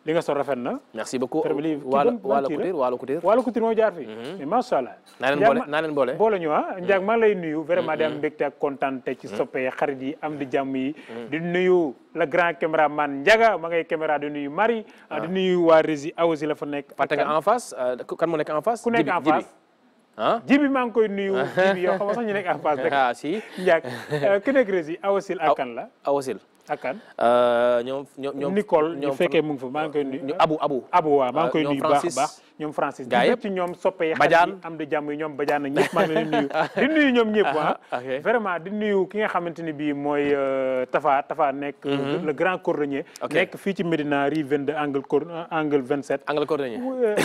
li nga sol rafet na. merci beaucoup waalo waalo Couture waalo Couture. waalo Couture jaar fi. Mhm. mais macha allah. naa leen boole naa leen boole. boole ñu ah mhm. Ndiaye maa lay nuyu. Mhm. vraiment di am mbégte ak kontaan te ci soppe xarit yi am di jàmm yi. di nuyu le grand caméraman Ndiaga ma ngay caméra di nuyu Marie. Ah, ah. di nuyu waa Rési Awasi la fa nekk. Fàtte nga en face euh, kan mu nekk en ku nekk en ah? jibi maa ngi koy nuyu [laughs] jibi yow xam nga ñu nekk en rek. ah euh, ku nekk Rési Awasil ak kan la ak kan euh, ñoom ñoom ñoom Nicole ñu fekkee mu ngi fa maa ngi koy nuyu abu abu abu waaw maa ngi koy euh, nuyu baax ñoom Francis gaa yëpp ci ñoom soppe yi Badiane am di jàmm ñoom Badiane ñëpp maa ngi nuyu [laughs] di nuyu ñoom ñëpp ah, ah di nuyu ki nga xamante ni bii mooy euh, Tafa Tafa nekk mhm. le grand cordonnier nekk fii ci Médina rue 22 angle cor euh, angle 27 angle cordonnier euh,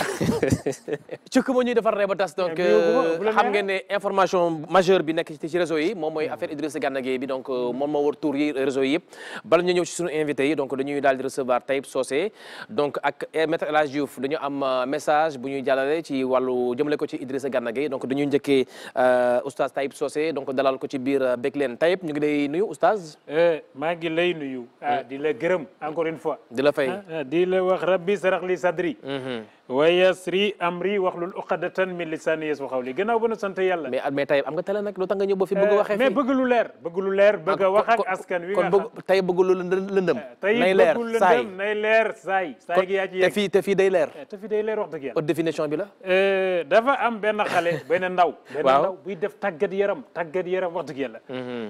[laughs] cukk moo ñuy defar ba tas donc eh, xam ngeen information majeure bi nekk ci réseau yi moom mooy affaire Idrissa Gana Gueye bi donc moom moo war tour yi réseau yi yëpp bala ñu ñëw ci suñu invité yi donc dañuy daal di recevoir Taïb Socé donc ak Maître El Hadj Diouf dañu am message message bu ñuy jàllale ci wàllu jëmale ko ci Idrissa Gana donc dañuy njëkkee euh, oustaz Taïb Socé donc dalal ko ci biir euh, Begleen Taïb ñu ngi lay nuyu oustaz. Eh, maa ngi lay nuyu. Ah, eh. di la gërëm encore une fois. di la fay ah, ah, di la wax rabbi sarax li sadri. Mm-hmm. ويسري امري وخلو الاقدت من لساني يسو خولي غناو بنو سانت يالا مي ادمي تايب امغا تالا نك لوتا غنيو بوفي بوغ واخا مي بوغلو طيب، آه، لير بوغلو لير بوغا واخا اسكن وي كون بوغ تاي بوغلو لندم ناي لير ساي ناي لير ساي ساي غي اجي تفي تفي داي لير آه، تفي داي لير وخدك يالا او ديفينيسيون بي لا ا دافا ام بن خالي بن نداو بن نداو بي ديف تاغات يرام تاغات يرام وخدك يالا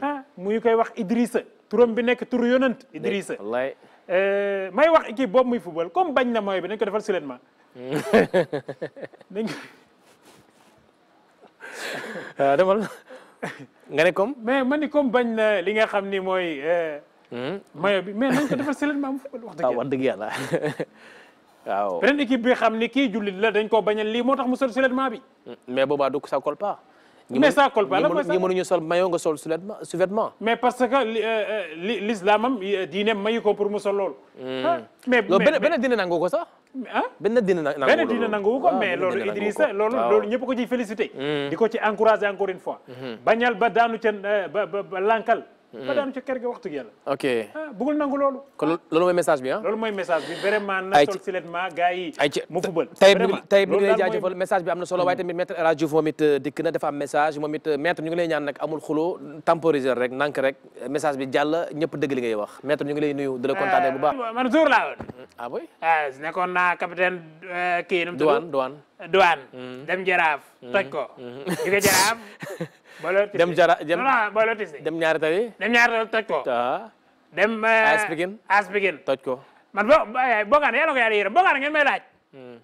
ها موي كاي واخ ادريس تورم بي نيك تور يوننت ادريس والله ا آه، ماي واخ اكي بوب موي فوتبول كوم باغنا موي بي نكو ديفال سيلنما dégg [laughs] nga [laughs] ah, demal nga ne comme. mais man ni comme bañ na li nga xam ni mooy. Eh, hmm? mayo bi mais nañ ko defal sële maam wax dëgg yàlla ah, wax dëgg yàlla [laughs] waaw. beneen équipe bi xam ni kii jullit la dañ koo bañal lii moo tax mu sol seulement bi. Hmm, mais boobaa du sa colpa. mais ça colle sol maillot nga sol sous-vêtement mais parce que li euh, euh, l'islam euh, mayu ko pour mu sol hmm. ah, loolu. mais mais nangu ko sax. ah benn nangu ko ah, mais loolu Idrissa ko ciy félicité. Hmm. di ko ci encouragé encore une fois. Hmm. bañal ba daanu ca lankal. nga daan ca kër ga waxtu ah, nangu loolu loolu mooy message bi ah loolu mooy message bi vraiment natol siletement gars yi ay mu fubal tey tey mi ngi lay jaajëfal message bi am na solo waaye tamit maître El Hadj moom it euh, dikk na dafa message moom it euh, maître ñu ngi lay ñaan nag amul xulo temporiser rek nank rek message bi jàll ñëpp dëgg li ngay wax maître ñu ngi lay nuyu di la kontaane bu baax ah, man jour laa woon ah boy ah nekkoon naa capitaine euh, kii nu mu tudd douane douane mm. dem jaraaf toj ko mm-hmm. jóge jaraaf [laughs] dem jara dem non boy lotis dem ñaar tawé dem ñaar tawé toj ko dem eh, as begin as begin toj ko man bo bo gan yalla ko yalla yere bo gan ngeen may laaj hmm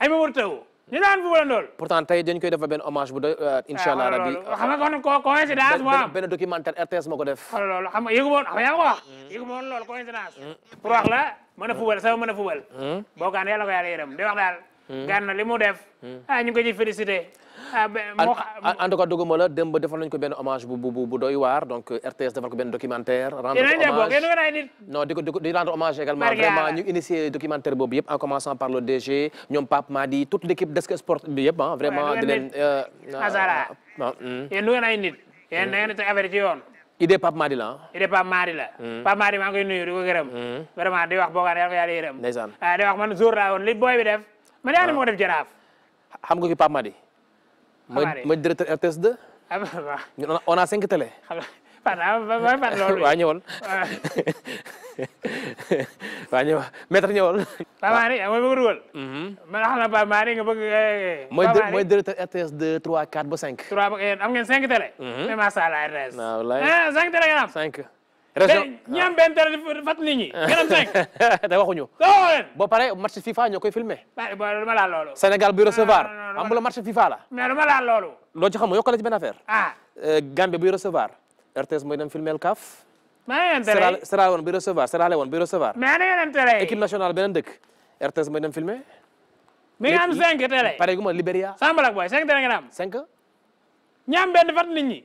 ay ma wurtu ni nan bu wolan lol pourtant tay dañ koy def ben hommage bu eh, eh, inshallah rabbi xam nga ko coincidence mo ben documentaire rts mako def lol lol xam yego won xam yango hmm. wax yego won lol coincidence pour wax la man fu wol sama man fu wol hmm. bo gan yalla ko yalla yeram di wax dal hmm. gan limu def ah, ñu ko ci féliciter Ah, en tout cas dugguma la démb defal nañu ko benn hommage bu bu bu doy waar donc euh, RTS defal ko benn documentaire. rendre hommage non di ko di ko di rendre hommage également vraiment ñu initié documentaire boobu yëpp en commençant par le DG ñoom Pape Madi toute l' équipe desk sport bi yëpp ah. vraiment di leen euh, Azara. Ah, hmm. yéen du ngeen ay nit. yéen da hmm. ngeen di teg affaire ci yoon. idée Pape Madi la ah. idée Pape Madi la. Hmm. Pape Madi maa ngi koy nuyu di ko gërëm. vraiment di wax boogaan yàlla ko yàlla yërëm. ndeysaan ah, di wax man jour laa woon li booy bi def. man yaa ni moo def jaraaf. xam nga ki Pape Madi. xabaar yi mooy directeur RTS 2. ñu on a cinq télé. Fane ba ba Fane loolu. waa ñëwal waa ñëwal maître ñëwal. nga bëgg. Pape Mané mooy directeur RTS 2 3 4 am ngeen cinq télé. mais macha allah RTS. waaw cinq télé nga région ñi am benn dara fat nit ñi. gërëm [laughs] cinq. da [laughs] waxuñu. doo leen. boo paree match FIFA ñoo koy filmé. waaw booy dama laal loolu. Sénégal buy recevoir. am bu match FIFA la. mais loolu. ci xam yokkale ci benn affaire. Ah. Euh, Gambie buy recevoir. RTS mooy dem filmé CAF. maa ngi leen buy recevoir Sierra Leone buy recevoir. mais da ngeen tere. équipe nationale a dëkk. RTS mooy dem filmé. mi ngi am cinq télé. pare gu ma Libéria. Sambalak booy cinq télé ngeen am. cinq. ñi am benn fat nit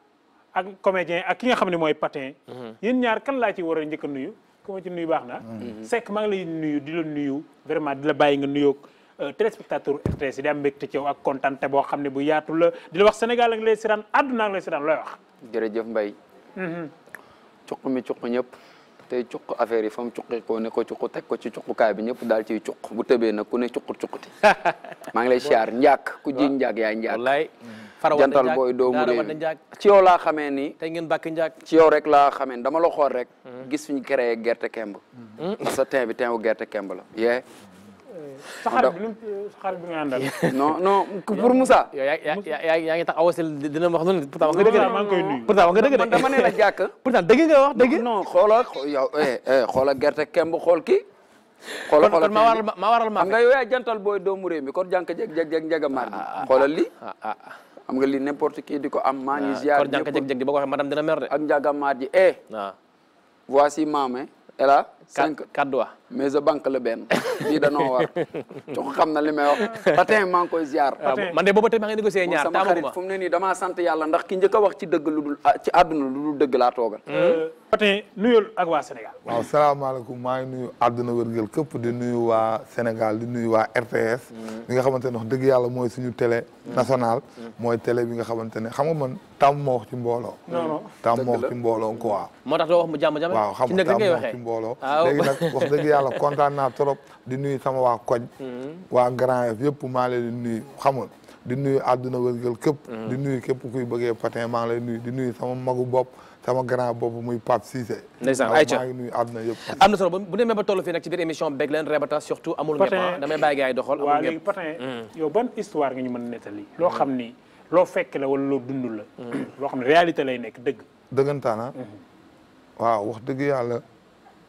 ak comédien ak ki nga xam ne mooy patin mhm. yéen ñaar kan laa ci war a njëkk nuyu ku ci nuyu baax na mhm. Mhm. Seck maa ngi lay nuyu di la nuyu vraiment di la bàyyi nga nuyoog euh, téléspectateur RTS yi di am mbégte ci yow ak kontante boo xam ne bu yaatu la di la wax Sénégal a ngi lay siraan àdduna a ngi lay siraan looy wax jërëjëf Mbaye cuq mi cuq ñëpp tey cuq affaire yi fa mu cuqi ko ne ko teg ko ci cuqukaay bi ñëpp daal ciy cuq bu tëbee nag ku ne cuqut cuquti [laughs] maa ngi lay siyaar njaak ku ji njaak yaay njaak wallaay jantal booy doomu réew ci yow laa xamee ni tey ngeen bàkk njaak ci yow rek laa xamee ni dama la xool rek mm-hmm. gis fi ñu gerte kemb mm-hmm. sa que bi tin wu gerte kemb la saxar eh, bi lim saxar bi ngay andal ya. non non ko pour ya. moussa yo ya ya ngi tax awosel dina wax non pourtant wax nga deug pourtant wax nga deug dama ne la jak pourtant deug nga wax deug non xol ak yow eh eh xol ak gerte kemb xol ki xol xol ma waral ma waral ma nga yo ya jantal boy do mu rew mi kon jank jek jek jek njaga mardi xolal li am nga li n'importe qui diko am ma ni ziar jank jek jek ah, ah, ah, di bako wax madam dina merde ak njaga mardi eh voici mamé ela 5 4 doigts mais sa banque la benn bii war coko xam na li may wax maa ngi koy ziar ah, man de booba tey maa ngi négocier ñaar sama xarit fu mu ne nii damaa sant yàlla ki njëkk a wax ci dëgg lu dul ah, ci àdduna lu dul dëgg laa toogal euh, patin nuyul ak waa Sénégal waaw salaamaaleykum maa ngi nuyu àdduna wërgal këpp di nuyu waa Sénégal di nuyu waa RTS mm. li nga xamante ne wax dëgg yàlla mooy suñu télé mm. nationale mm. mooy télé bi nga xamante ne xam nga man ma wax ci mbooloo tàmm ma ci mbooloo waaw xam nga tàmm ci mbooloo ah, oh. [laughs] yàlla kontaan naa trop di nuyu sama waa koñ mm-hmm. waa Grand yëpp maa leen di nuyu xam nga di nuyu àdduna wërgal képp mm-hmm. di nuyu képp kuy bëggee patin maa lay nuyu di nuyu sama magu bopp sama grand bopp muy Pape Cissé ndeysaan ayca maa ngi nuyu àdduna yëpp am na solo bu demee ba toll fii nag ci biir émission bég leen rebata surtout amul ñëpp damay bàyyi gars yi doxal waaw léegi patin mm. yow ban histoire nga ñu mën nettali mm. loo xam ni loo fekk la wala loo dund la mm. loo xam ne réalité lay nekk dëgg dëggantaan ah? mm-hmm. waaw wax dëgg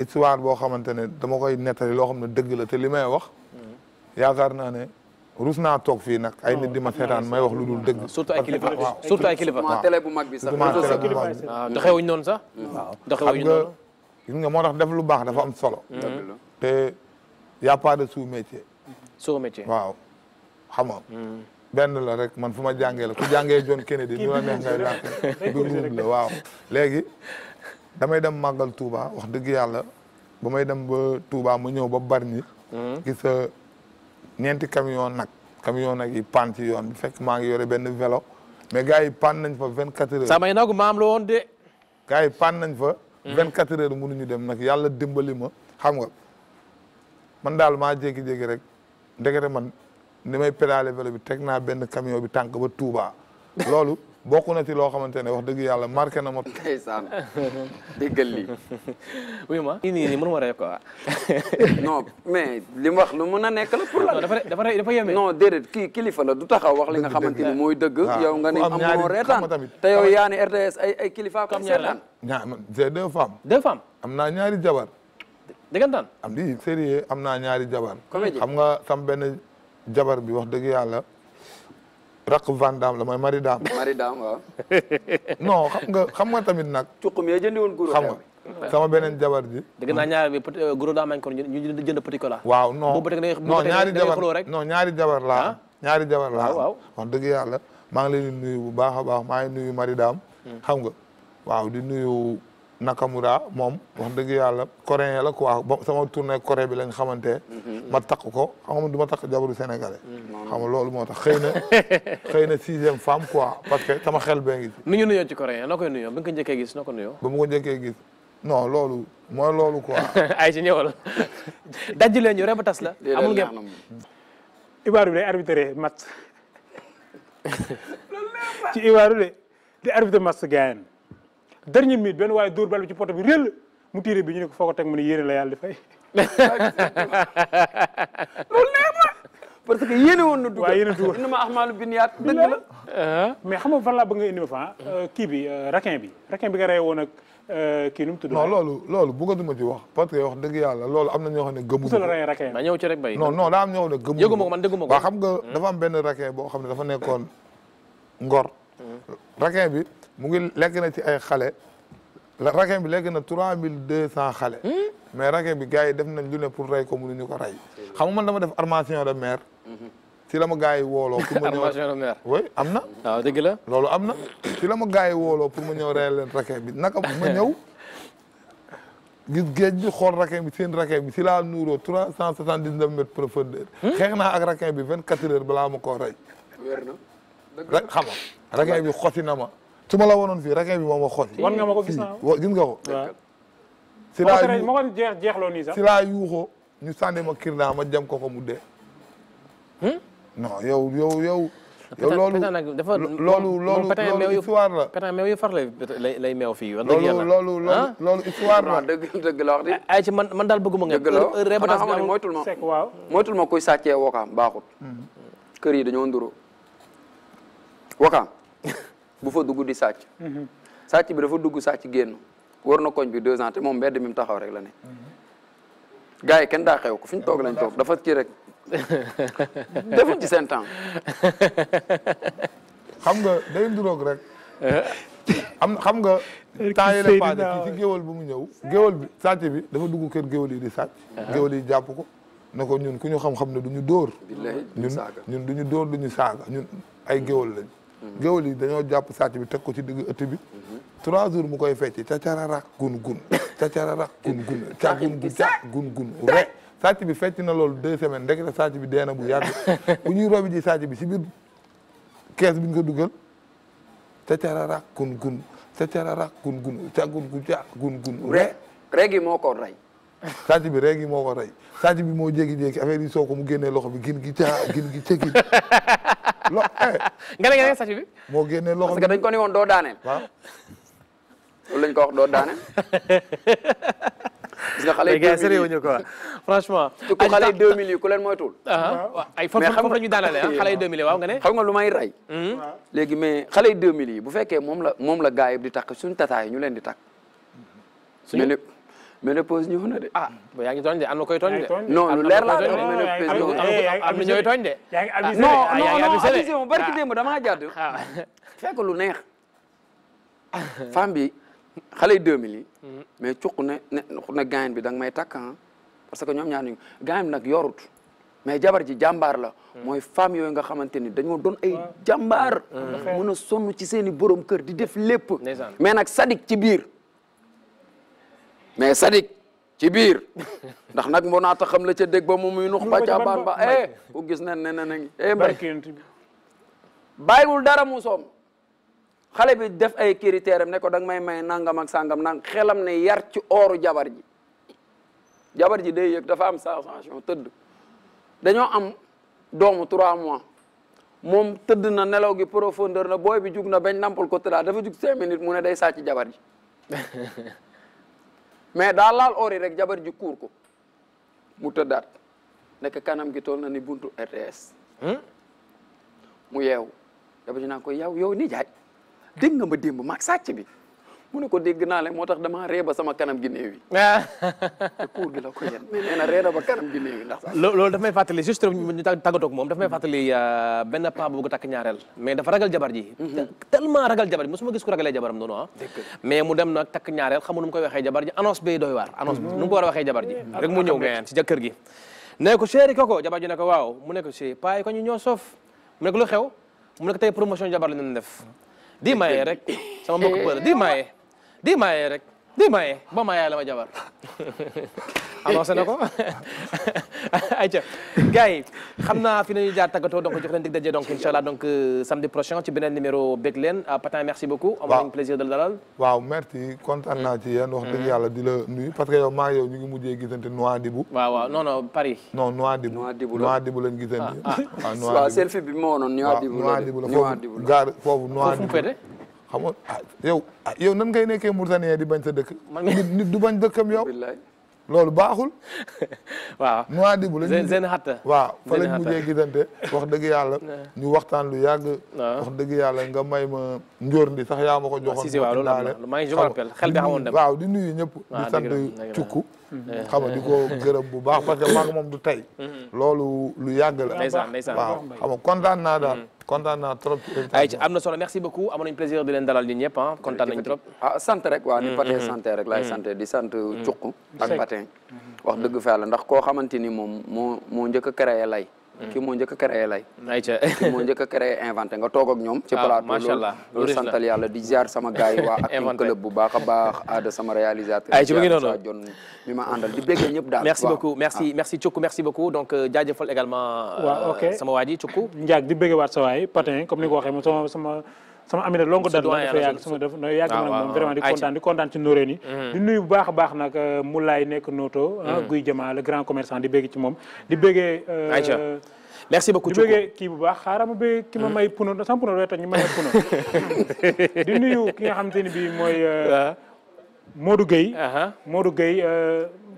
histoire boo xamante ne dama koy nettali loo xam ne dëgg la te li may wax yaakaar naa ne rus naa toog fii nag ay nit di ma seetaan may wax lu dul dëgg. surtout ay kilifa waaw surtout ay kilifa waaw bu mag bi sax. Ah, doxewuñ noonu sax. waaw doxewuñ noonu nga moo tax def lu baax dafa am solo. te y' a pas de sous waaw xam nga. Hmm. benn la rek man fu ma jàngee la ku jàngee John Kennedy. kii bi la neex ngay laajte du la waaw léegi. damay dem màggal Touba wax dëgg yàlla ba may dem ba Touba mu ñëw ba Bargny. Hmm. gis euh, ñeenti camion nag camion nag yi pan ci yoon bi fekk maa ngi yore benn vélo mais gars yi pan nañ fa vingt quatre heures. samay nagu maam la de. gars yi pan nañ fa. Hmm. vingt quatre heures ñu dem nag yàlla dimbali ma xam nga man daal maa jékki-jékki rek ndekete man ni may pédale velo bi teg naa benn camion bi tànk ba Touba loolu. bokk na ci loo xamante ne wax dëgg yàlla marqué na ma. ndeysaan [laughs] déggal lii. [laughs] oui ma. nii nii nii mënuma rey [laughs] mais li mu wax lu mën a nekk la pour la. dafa dafa dafa yemee. non déedéet kilifa la du taxaw wax li nga xamante ni mooy dëgg. Ah. yow nga ni amoo reetaan te yow yaa ni ay kilifa ko seetaan. ñaar c'est deux femmes. deux am naa ñaari jabar. dëggantaan. am di sérieux am naa ñaari jabar. xam nga sam benn jabar bi wax dëgg yàlla. raqu Van Daam la mooy Marie Daam. Marie Daam waaw. [laughs] xam nga tamit nag. cuq mi jëndi woon guro xam nga sama beneen jabar ji. dëgg naa ñaar bi euh, guro daa mañ ko ñu ñu jënd petit cola. waaw non non ñaari jabar non ñaari jabar laa. Ah? ñaari jabar laa. Ah, waaw wax dëgg yàlla maa ngi leen di nuyu bu baax a baax maa ngi nuyu Marie Daam. Hmm. xam nga waaw di nuyu. Nakamura moom wax dëgg yàlla coréen la quoi ba sama tournée Corée bi lañ xamante mm-hmm. ma takk ko xam du ma takk jabaru sénégalais. Mm-hmm. xam loolu moo tax xëy na [laughs] xëy na sixième femme quoi parce que sama xel bee ngi. ni ñu nuyoo ci coréen noo koy ko njëkkee gis noo ko nuyoo. ba mu ko njëkkee loolu moo loolu quoi. [laughs] ay ci ñëwal [laughs] dajji leen ñu reba tas la. amul ngeen Ibaru bi day arbitré match ci de di arbitré match gaayen dernière minute benn waaye dóor bal bi ci poto bi réel mu tiire bi ñu ne ko foo ko teg mu ne yéene la yàlla di [laughs] loolu leer na. parce que yéene woon na dugal waaw yéene dugal innamaa a'maalu binniyaat dëgg la. Ah. mais xam nga fan laa ba nga indi ma fa ah? hmm. euh, kii bi euh, raquin bi raquin bi nga rey woon ak euh, kii nu mu tudd. non loolu loolu bëggatuma ci wax parce que wax dëgg yàlla loolu am na ñoo xam ne gëmu. mosul rey raquin bi ñëw ci rek bay. non non daa am ñoo xam ne gëmu. yëgu ma xam nga hmm. dafa am benn raquin boo xam ne dafa nekkoon ngor. Hmm. raquin bi مقول لكن أي خلة لكن بلكن ترى بال 200 خلة ما لكن بجاي دفن الجنة بول راي كومونيو كراي خامو من لما دف أرماسيا ولا مير تلا ما جاي وولو كومونيو [laughs] أرماسيا ولا مير وين أمنا آه دقيلة لولو أمنا تلا ما جاي وولو كومونيو رايل لكن بيت نك كومونيو Gidgeju kor rakem bintin rakem bintila nuru tura sana sana dinda mer profunder. Kena ag rakem bintin katirer bela mukorai. Berno. Kamu rakem bintin khati nama. su ma la woonoon fii requin bi moom a xool. wan nga ma ko gis naa nga ko. si laa yu ma ko yuuxoo ñu sànni ma kir naa ma jëm ko ko mu de hmm? non yow yow yow. yow loolu dafa loolu loolu ah? loolu histoire la. fii. wax dëgg yàlla loolu loolu la. dëgg dëgg ay man man daal bëgguma nga. dëgg la xanaa xam ne moytul ma waaw. moytul ma kuy sàccee wokaam baaxut. Mhm. kër yi dañoo nduro wokaam. bu fa dugg di sàcc mhm. sàcc bi dafa dugg sàcc génn war na koñ bi deux ans te moom mbedd mi mu taxaw rek la ne mhm. gars yi kenn daa xew ko fi ñu toog lañ toog dafa ci rek [laughs] ci seen temps [laughs] xam nga day rek [laughs] am xam nga temps yële paase bu mu ñëw géwal bi sàcc bi dafa dugg kër géwal yi di sàcc géwal yi jàpp ko na ko ñun ku ñu xam-xam ne du ñu dóor ñun ñun du ñu door du ñu saaga ñun ay géwal lañ géwél yi dañoo jàpp sàcc bi teg ko ci digg ëtt bi trois jour mu koy fecc ca gun gun cacararak gun gun ca gun gun ca gun gun re sàcc bi fecc na lool deux semaines ndekete sàcc bi dee na bu yàgg bu ñuy robi ji sàcc bi si biir kees bi ñu ko dugal cacararak gun gun cacararak gun gun ca gun gun ca gun gun re regi moo ko rey sàcc bi regi moo ko rey sàcc bi moo jékki-jékki affaire yi soo ko mu génnee loxo bi gin gi caa gin gi cëgin [laughs] lo eh. nga ne nga ne sàcc bi. moo génnee loxo parce que dañ ko ni woon doo daaneel. waaw. loolu lañ ko wax doo daaneel. [laughs] gis nga xale yi deux mille yi quoi franchement. surtout xale yi deux mille yi ku leen moytuwul. Ah, ah. ay foofu foofu la ñu daanale ah [laughs] xale yi deux mille yi waaw nga ne. xam nga lu may rey. Hmm? léegi mais xale yi deux mille yi bu fekkee moom la moom la gars yi di takk suñu tataay ñu leen di takk. suñu ménopause ñëw na de. ah yaa ngi koy tooñ de. non lu leer de ménopause am na ñooy tooñ de. yaa ngi ah, abusé non non abusé moom barki ah. démb damaa jàdd. Ah. fekk lu neex. femme bi xale yi 2000 yi. Mm-hmm. mais cuq ne ne gaañ bi da nga may takk parce que ñoom ñaar ñu gaañ bi nag yorut. mais jabar ji jàmbaar la. Mm. mooy femme yooy nga xamante ni dañoo doon ay jàmbaar. mu mm. a sonn ci seen i borom kër di def lépp. mais nag sadik ci biir. mais sadik ci biir ndax nag moo naata xam la ca dégg ba mu muy nux ba baan ba eh ku gis nen ne na ngi eh mbay dara mu soom xale bi def ay critère am ne ko danga may may nangam ak sangam nang xelam ne yar ci ooru jabar ji jabar ji day yëg dafa am sensation tëdd dañoo am doomu trois mois moom tëdd na nelaw gi profondeur na booy bi jug na bañ nampal ko tëddaa dafa jug cinq minutes mu ne day sàcc jabar ji [laughs] mais daal laal ori rek jabar ji kuur ko mu tëddaat nekk kanam gi toll na ni buntu RTS. Hmm? mu yeewu jabar ji naan ko yow yow ni jaay dégg nga ma démb maag sàcc bi. mu ne ko dégg naa leen moo tax damaa ree ba sama kanam gi néew yi. [laughs] Ah. te kuur gi la ko yéen mais nee na ree ba kanam gi loolu daf may fàttali juste ñu tàggatoo moom daf may fàttali euh, benn paa bu bëgg takk ñaareel mais dafa ragal jabar ji. Mhm. tellement ragal jabar ji mosuma gis ku ragalee jabaram noonu ah. mais mu dem nag takk ñaareel xamu nu mu koy waxee jabar ji annonce bee doy waar. annonce bi nu mu ko war a waxee jabar ji. Mhm. rek mu ñëw mais ci jëkkër gi. ne ko koko jabar ji ne waaw mu ne ko chéri paa yi ko ñu ñoo soof mu ne ko lu xew mu la ñu def di maye rek sama mbokk pël di dima maye rek di maye ba mayaa la ma jabar [laughs] annoncé na ko ayca [laughs] gars yi xam naa fi nañu jaar tàggatoo donc jox leen dig daje donc incha allah donc euh, samedi prochain ci beneen numéro bég leen euh, Patin merci beaucoup am nañ plaisir de dalal waaw merci kontaan naa ci yéen wax dëgg mm-hmm. yàlla di la nuyu parce que yow maa yow ñu ngi mujjee gisante Nouadhibou waaw waaw non non Paris non Nouadhibou Nouadhibou Nouadhibou lañ gisante ah, ah. [laughs] waaw selfie bi moo noonu Nouadhibou la foofu gaar xam nga ah yow ah, yow nan ngay nekke nekkee Mauritanien di bañ sa dëkk. nit du bañ dëkkam yow. loolu baaxul. [laughs] waaw Nouadhibou la ñu. seen xatta waaw fa lañ mujjee wax dëgg yàlla. [laughs] ñu waxtaan lu yàgg. wax dëgg yàlla nga may ma njoor ndi sax yaa ma ko joxoon. si si waaw loolu am na maa ngi je xel bi amoon dem di nuyu ñëpp. di sant cukku. Mm-hmm. xam nga di ko [laughs] gërëm bu baax parce que maa moom du tey. Mm-hmm. loolu lu yàgg la. ndeysaan ndeysaan waaw xam kontaan naa daal. Mm-hmm. kontaan naa trop. am na solo merci beaucoup amoon nañu plaisir di leen dalal ñun ñëpp ah kontaan ñu trop. ah sant rek waa ni mm-hmm. Patin sant rek laay mm-hmm. sant di sant mm-hmm. Cuq ak Patin. wax dëgg fa yàlla ndax koo xamante ni moom moo moo njëkk a lay. ki mo ñëk créer lay ay ca ki mo ñëk créer inventer nga togo ak ñom ci plateau lo lo santal yalla di ziar sama gaay wa ak club bu baaxa baax ada sama réalisateur ay ci bëgg non non mi ma andal di bëgg ñëpp daal merci beaucoup merci merci ciuku merci beaucoup donc euh, jaajeufal également euh, sama waji ciuku ndiak di bëgg wat sa way patin comme ni ko waxe sama sama sama amina longu dan la dafa yàgg sama dafa nooy yàgg ma nag ah, moom vraiment di kontaan di kontaan ci nóoreen mm-hmm. di nuyu bu baax a baax nag euh, Moulay nekk Noto ah, mm-hmm. Guy Jama le grand commerçant di bégg ci moom di béggee euh, merci beaucoup Thioub di kii bu baax xaaral ma bëggee ki ma mm-hmm. may puno sama puno doy toj ñu may [laughs] di nuyu ki nga xamante ni bii mooy. Euh, ah. Modou Gueye. Uh-huh. Modou Gueye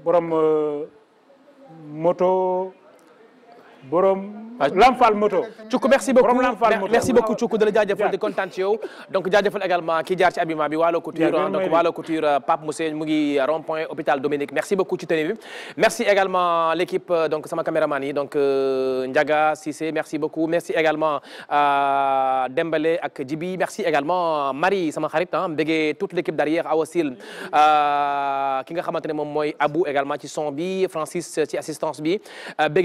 borom moto borom. Ah, moto merci beaucoup merci beaucoup de la donc également qui jaar ci Couture donc Couture euh, Pape Moussé, hôpital Dominique merci beaucoup Tu t'es merci également l'équipe euh, donc sama caméraman donc euh, Ndiaga Sissé, merci beaucoup merci également Dembélé ak Djibi merci également Marie sama ah, toute l'équipe derrière à euh, ki Abou également qui Francis qui assistance bi bu